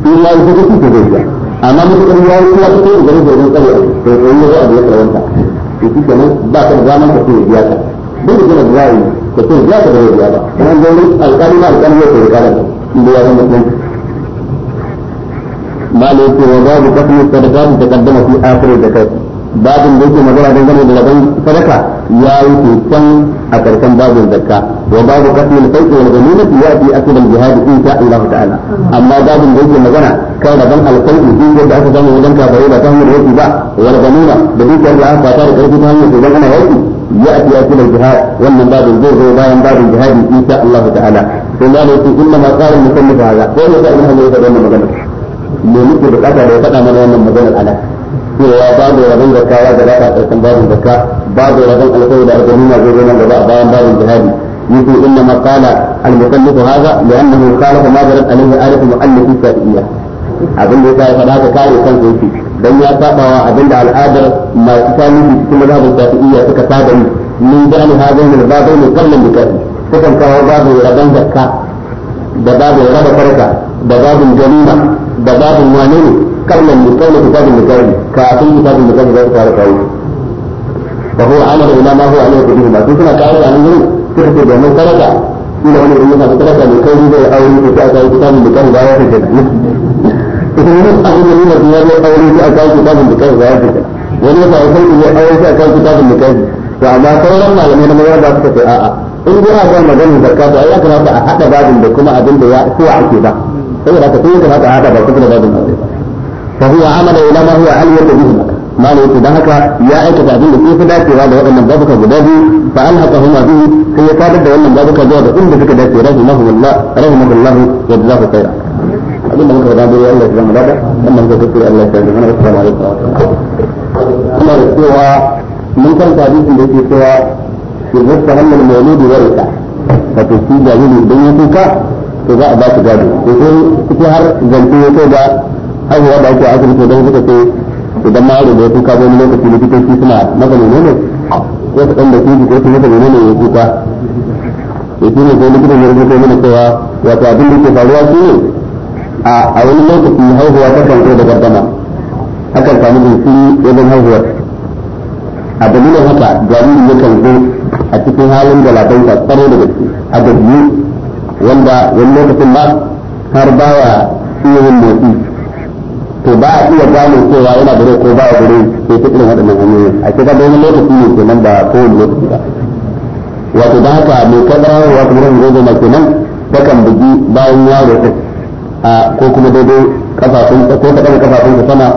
shi ya yi sakaci ko zai biya amma mutukar ya yi kuma ta kai gari gari tsare a to yi za a biya karawanta to shi kenan ba ka da ka ce biya ka duk da kuma da yi ka ce biya ka da zai biya ba kuma gwamnati alƙali na alƙali ya ce ya da ya zama mutunci ما ليس وباب قسم الصدقات تقدم في آخر الزكاة babin da yake magana dangane da rabon sadaka ya yi tutan a karshen babin zakka wa babu qatl al-fayl wal ghanimati yati asl al-jihad insha Allah ta'ala amma babin da yake magana kan rabon al-fayl da aka samu wajen ka bai da ta hanyar yaki ba wal ghanima da dukiyar da aka fara da ta hanyar idan ana yaki yati asl al-jihad wannan babin zai zo bayan babin jihad insha Allah ta'ala sai ma ne inna ma qala musallifa hada ko hanyar da wannan magana me muke bukata da ya faɗa mana wannan maganar ana cewa babu rabon zakka ya gabata a ƙarshen babin zakka babu rabon alƙawari da aka nuna zai zama gaba a bayan babin jihadi yake inna قال المصنف هذا لأنه خالف ما جرت عليه آلة مؤلف الشافعية abin da ya faɗa ka kare kanka yake dan ya saba wa abin da al'adar masu tarihi cikin mazhabin shafi'iyya suka saba yi min jami hadin da babu ne kallon da kafi sukan kawo babu rabon zakka da babu raba farka da babu ganima da babin wane ne kaunan da kaunan da kawai kafin kitabin da kawai za su fara kawo fa huwa amara ila ma huwa alaihi bihi ma suna kawo a nan ne suka ce domin sadaka shi ina wani in yana sadaka ne kauri zai aure ko ta aka yi kitabin da kawai za ya fita ne wani abin da nuna ya zai aure sai aka yi kitabin da kawai za ya fita wani yasa ya sauki aure sai aka yi kitabin da kawai to amma sauran malamai na ne ba suka ce a'a in dai aka magana zakka to ai ya kamata a haɗa babin da kuma abin da ya so ake ba فهي لا تكون كما تعاقب بالقدرة باب المغرب فهو عمل إلى ما هو علي بإذنك ما ليس دهك يا أيك تعدين كيف ذات يراد وقال من بابك جدابي فألهقهما به في يكاد الدول من بابك جواب إن بفك ذات رحمه الله رحمه الله يجزاه خيرا أبي ما نقول هذا يقول الله سبحانه وتعالى أما نقول كتير الله سبحانه وتعالى السلام عليكم ورحمة الله وبركاته أما من كان تعديث بيتي سوى في المستهم المولود ورثة فتسيب عليه الدنيا تنكا to za a ba su gado to sai ciki har zance ya kai da haihuwa da ake asibiti dan suka ce idan ma yaro da ya kuka wani lokaci likitoci suna maka menene ko su ɗan da su ko su maka ne ya kuka to shi ne sai likitan ya rubuta mana cewa wato abin da ke faruwa shi ne a wani lokaci haihuwa ta kan da gardama hakan samu jinkiri wajen haihuwar a dalilin haka jariri yakan zo a cikin halin galabaita tsaro da gaske a gajiyu wanda wani lokacin ba har baya iya yin motsi to ba a iya gano cewa yana da ko ba a gure ko ta irin waɗannan hanyoyin a cikin da wani lokaci ne nan ba wani lokaci ba wato da haka mai kaɗa wa kuma rin gozo na kenan takan bugi bayan yaro ɗin a ko kuma daidai kafafun ko ta ɗaga kafafun ka sama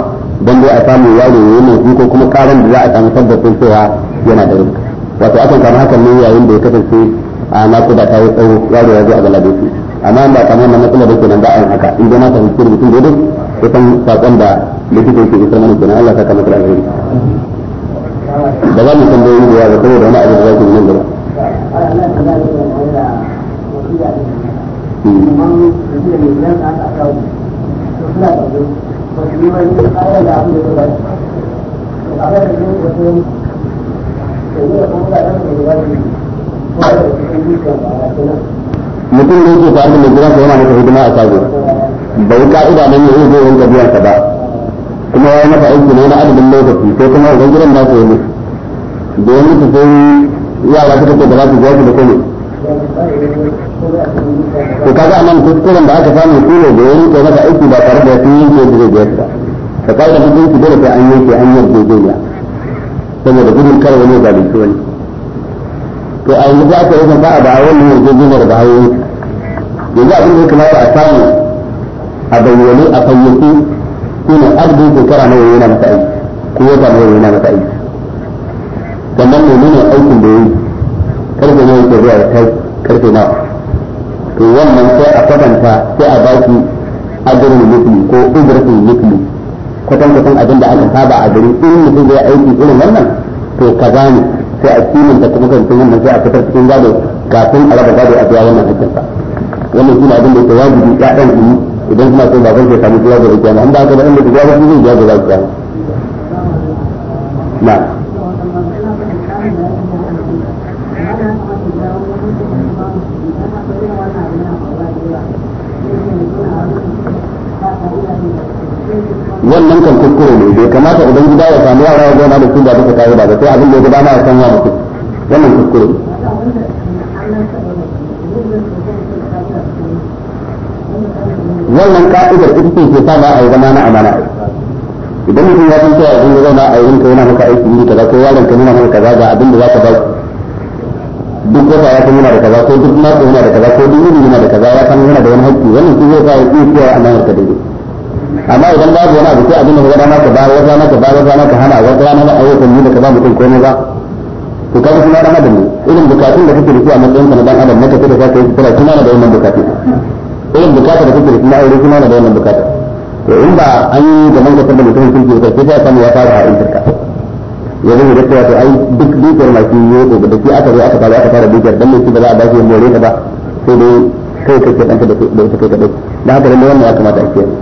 don dai a samu yaro ya yi motsi ko kuma ƙaran da za a samu tabbacin cewa yana da rinka wato akan kama hakan ne yayin da ya kasance amma ko da ta yi tsawo yaro ya zo a galabe shi amma ba kamar na matsala da ke nan ba a yin haka in dai na fahimci rubutun daidai ko san sakon da da ke isar mana kenan Allah ta kama kira alheri da za mu tambayoyi da yawa saboda wani abu da za ku nan gaba Thank hmm. you. mutum da yake faru da gidansa yana masa hidima a shago bai ka'ida don ya zo yin gabiyarsa ba kuma ya masa aiki ne na adadin lokaci sai kuma wajen gidan na su yi da ya mutu sai yara suka ce da za su biya shi da kome to kaga nan kuskuren da aka samu shi ne da ya rike masa aiki ba tare da sun yanke da zai biya shi ba da kawai da hukunci dole sai an yanke hanyar daidaiya saboda gudun kar wani zalunci wani to a yanzu aka yi ba a ba wannan yarjejeniyar ba hawo yanzu abin da ya kamata a samu a bayyane a fayyace shi ne arzikin shekara na yana masa aiki ko wata na yana masa aiki sannan ne ne aikin da ya yi karfe ne yake zuwa ya kai karfe na to wannan sai a kwatanta sai a baki ajirin mutum ko ujirfin mutum kwatankwatan abin da aka saba a gari in mutum zai aiki irin wannan to ka ne sai a cikin da kuma kan tunan sai a fitar cikin gado kafin a raba gado a biya wannan hakkin sa wannan shine abin da ke wajibi ya dan yi idan kuma sai baban sai samu biya da rijiya an ba ga da inda biya zai biya da rijiya na wannan kan kuskure ne bai kamata idan gida ya samu yara ya zauna da su ba suka kai ba sai abin da ya gudana ya san wa mutum wannan kuskure wannan ka'idar ita ce ke sa ba a yi zama na amana idan mutum ya san cewa abin da zauna a yi kai yana maka aiki iri kaza ko yaron ka nuna maka kaza ga abin da za ka ba duk wata ya san yana da kaza ko duk mako yana da kaza ko duk iri yana da kaza ya san yana da wani hakki wannan shi zai sa ya iya cewa nanar ka daidai amma idan babu wani abu sai abin da ka gada maka ba wata rana ka ba wata rana ka hana wata rana ba ayyukan yi da ka ba mutum komai ba to kaga kuma dan adam ne irin bukatun da kake da su a matsayin ka na dan adam ne kake da kake da kuma na da wannan bukatun irin bukatun da kake da kuma aure kuma na da wannan bukatun to in ba an yi da man gasar da mutum kirki ka sai ka samu ya fara a ka ya zama da cewa to ai duk dukiyar masu yi ne da shi aka zo aka fara aka fara dukiyar dan mutum ba za a ba shi more ka ba sai dai kai kake danka da ita kai kadai da haka da wannan ya kamata a kiyaye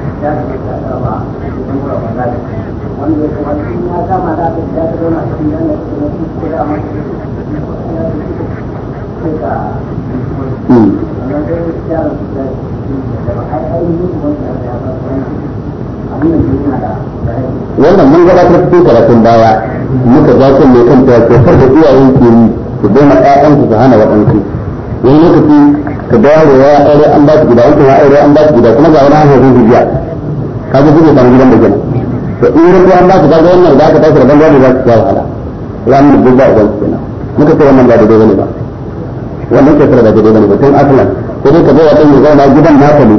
wannan mun gabatar cikin karatun baya muka za ku mai kanta ko kar da iyayen ke yi su daina ƴaƴan su hana waɗansu wani lokaci ka dawo ya aure an ba su gida wancan ya aure an ba su gida kuma ga wani hanyar zuciya ka ji gudu samu gidan da gina to in rubu an ba su kaga wannan za ka tashi da banza ne za su kawo hala ya mun duk ba uban su kenan muka ce wannan ba da bane ba wannan ke fara da daidai bane ba tun asalan ko dai ka zo wa dan ya zauna gidan naka ne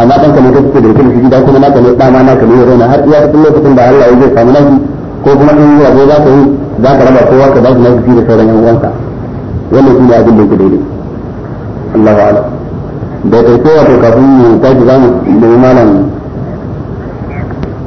amma ɗanka ne kake da rikin da kuma naka ne ɗama naka ne ya zauna har iya cikin lokacin da Allah ya zai samu nashi ko kuma in zuwa zo za ka yi za ka raba kowa ka ba shi nashi da sauran yan uwanka wannan shi ne abin da yake daidai Allahu a'lam da ta kai kowa to kafin mu tashi zamu nemi malam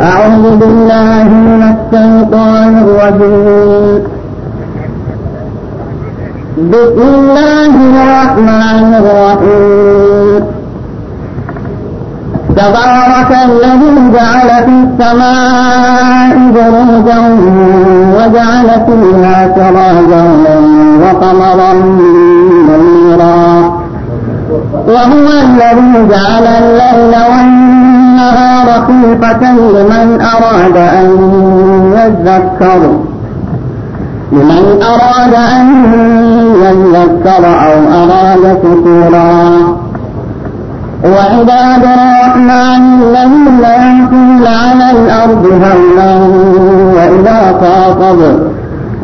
أعوذ بالله من الشيطان الرجيم بسم الله الرحمن الرحيم تبارك الذي جعل في السماء بروجا وجعل فيها سراجا وقمرا منيرا وهو الذي جعل الليل والنهار وجعلناها رقيقة لمن أراد أن يذكر لمن أراد أن يذكر أو أراد شكورا وعباد الرحمن الذين يمشون على الأرض هونا وإذا خاطب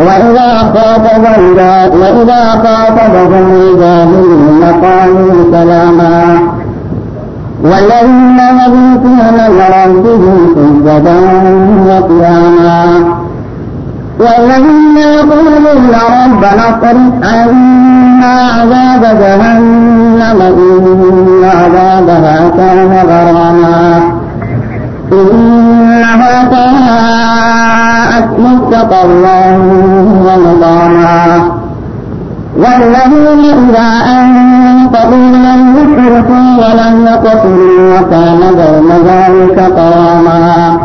وإذا خاطب وإذا خاطبهم الجاهلون قالوا سلاما والذين يبيتون لربهم سجدا وقياما والذين يقولون ربنا اصرف عنا عذاب جهنم إن عذابها كان غراما إنها ساءت مستقرا ومقاما والذين إذا أنفقوا لم يسرقوا ولم يقتلوا وكان بين ذلك قواما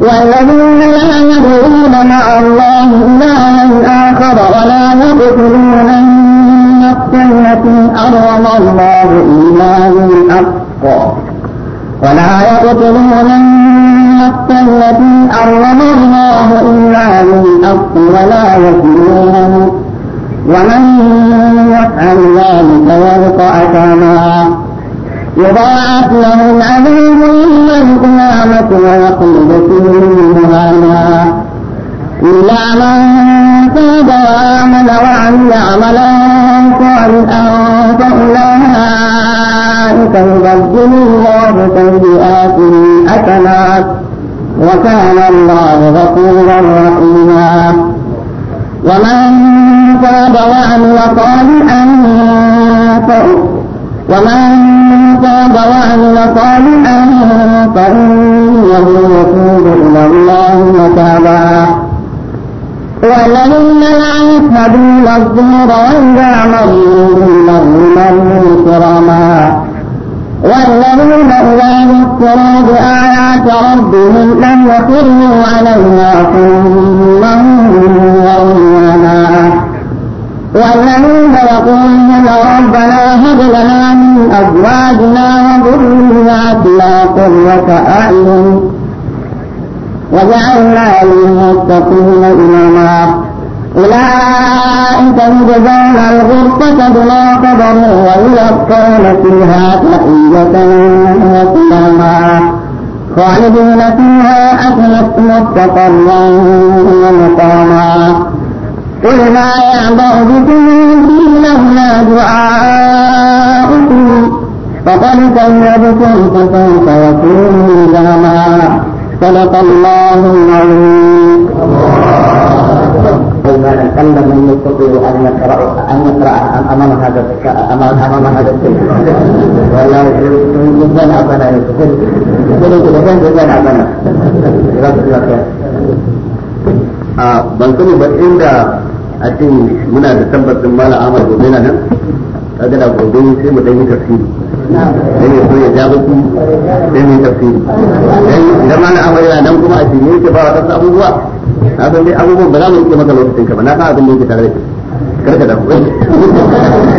والذين لا يدعون مع الله إلها آخر ولا يقتلون النفس التي حرم الله إلا بالحق ولا يقتلون النفس التي حرم الله إلا بالحق ولا يقتلون ومن يفعل ذلك يلقى أثاما يضاعف له العذاب يوم القيامة ويخلد فيه مهانا إلا من تاب وآمن وعمل عملا صالحا فأولئك يبدل الله سيئاتهم حسنات وكان الله غفورا رحيما ومن تاب وعمل صالحا ومن تاب وعمل صالحا فإنه يتوب إلى الله متابا والذين لا يشهدون الزور وإذا مروا باللغو كراما والذين إذا ذكروا بآيات ربهم لم يخروا عليها ثم هم والذين يقولون ربنا هب لنا من أزواجنا وذرياتنا قرة أعين وجعلنا للمتقين إماما أولئك يجزون الغرفة بما قدروا ويلقون فيها تحية وسلاما خالدين فيها حسنت مستقرا ومقاما قل ما يعبأ بكم إلا هنا دعاءكم فقد كذبتم فسوف يكون لزاما صدق الله العظيم Bagaimana kalau yang yang a cikin muna da tabbacin mala amal gobe na nan ta gada gobe sai mu ɗanyi tafsiri dan ya so ya ja baki sai mu yi tafsiri dan idan mala amal yana nan kuma a cikin ne yake ba wa abubuwa na san dai abubuwan ba za mu yi maka lokacin ka ba na san abin da yake tare da karka da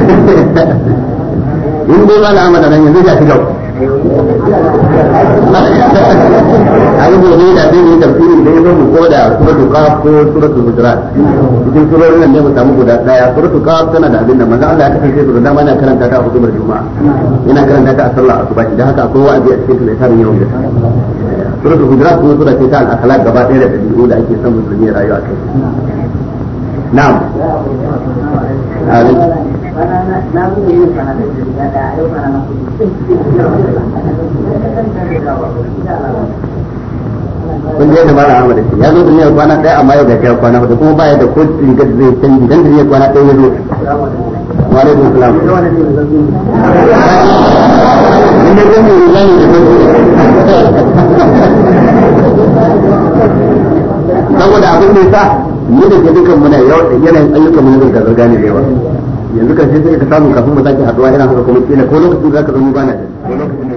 in dai mala amal nan yanzu ya shiga ai gobe da zai yi tafsiri da ya mu ko da suratul qaf ko suratul hujurat cikin surorin nan ne mu samu guda daya suratul qaf tana da abin da manzo Allah ya kasance su da dama karanta ta a hudubar juma'a yana karanta ta a sallar asuba idan haka akwai wa'azi a cikin ta tarin suratul hujurat ce ta al-akhlaq gaba ɗaya da dabi'u da ake son musulmi a kai na'am kun je da mara Ahmad ya zo da kwana ɗaya amma yau ga shi kwana hudu kuma baya da ko zai canji dan da niyyar kwana ɗaya ya zo wa alaikum salam in zan yi saboda abin da yasa da ke dukan muna yau yanayin ayyukan mu ne zurga da yawa yanzu karshe sai ka samu kafin ba za ki haɗuwa ina haka kuma kila ko lokacin za ka zama ba na da ko lokacin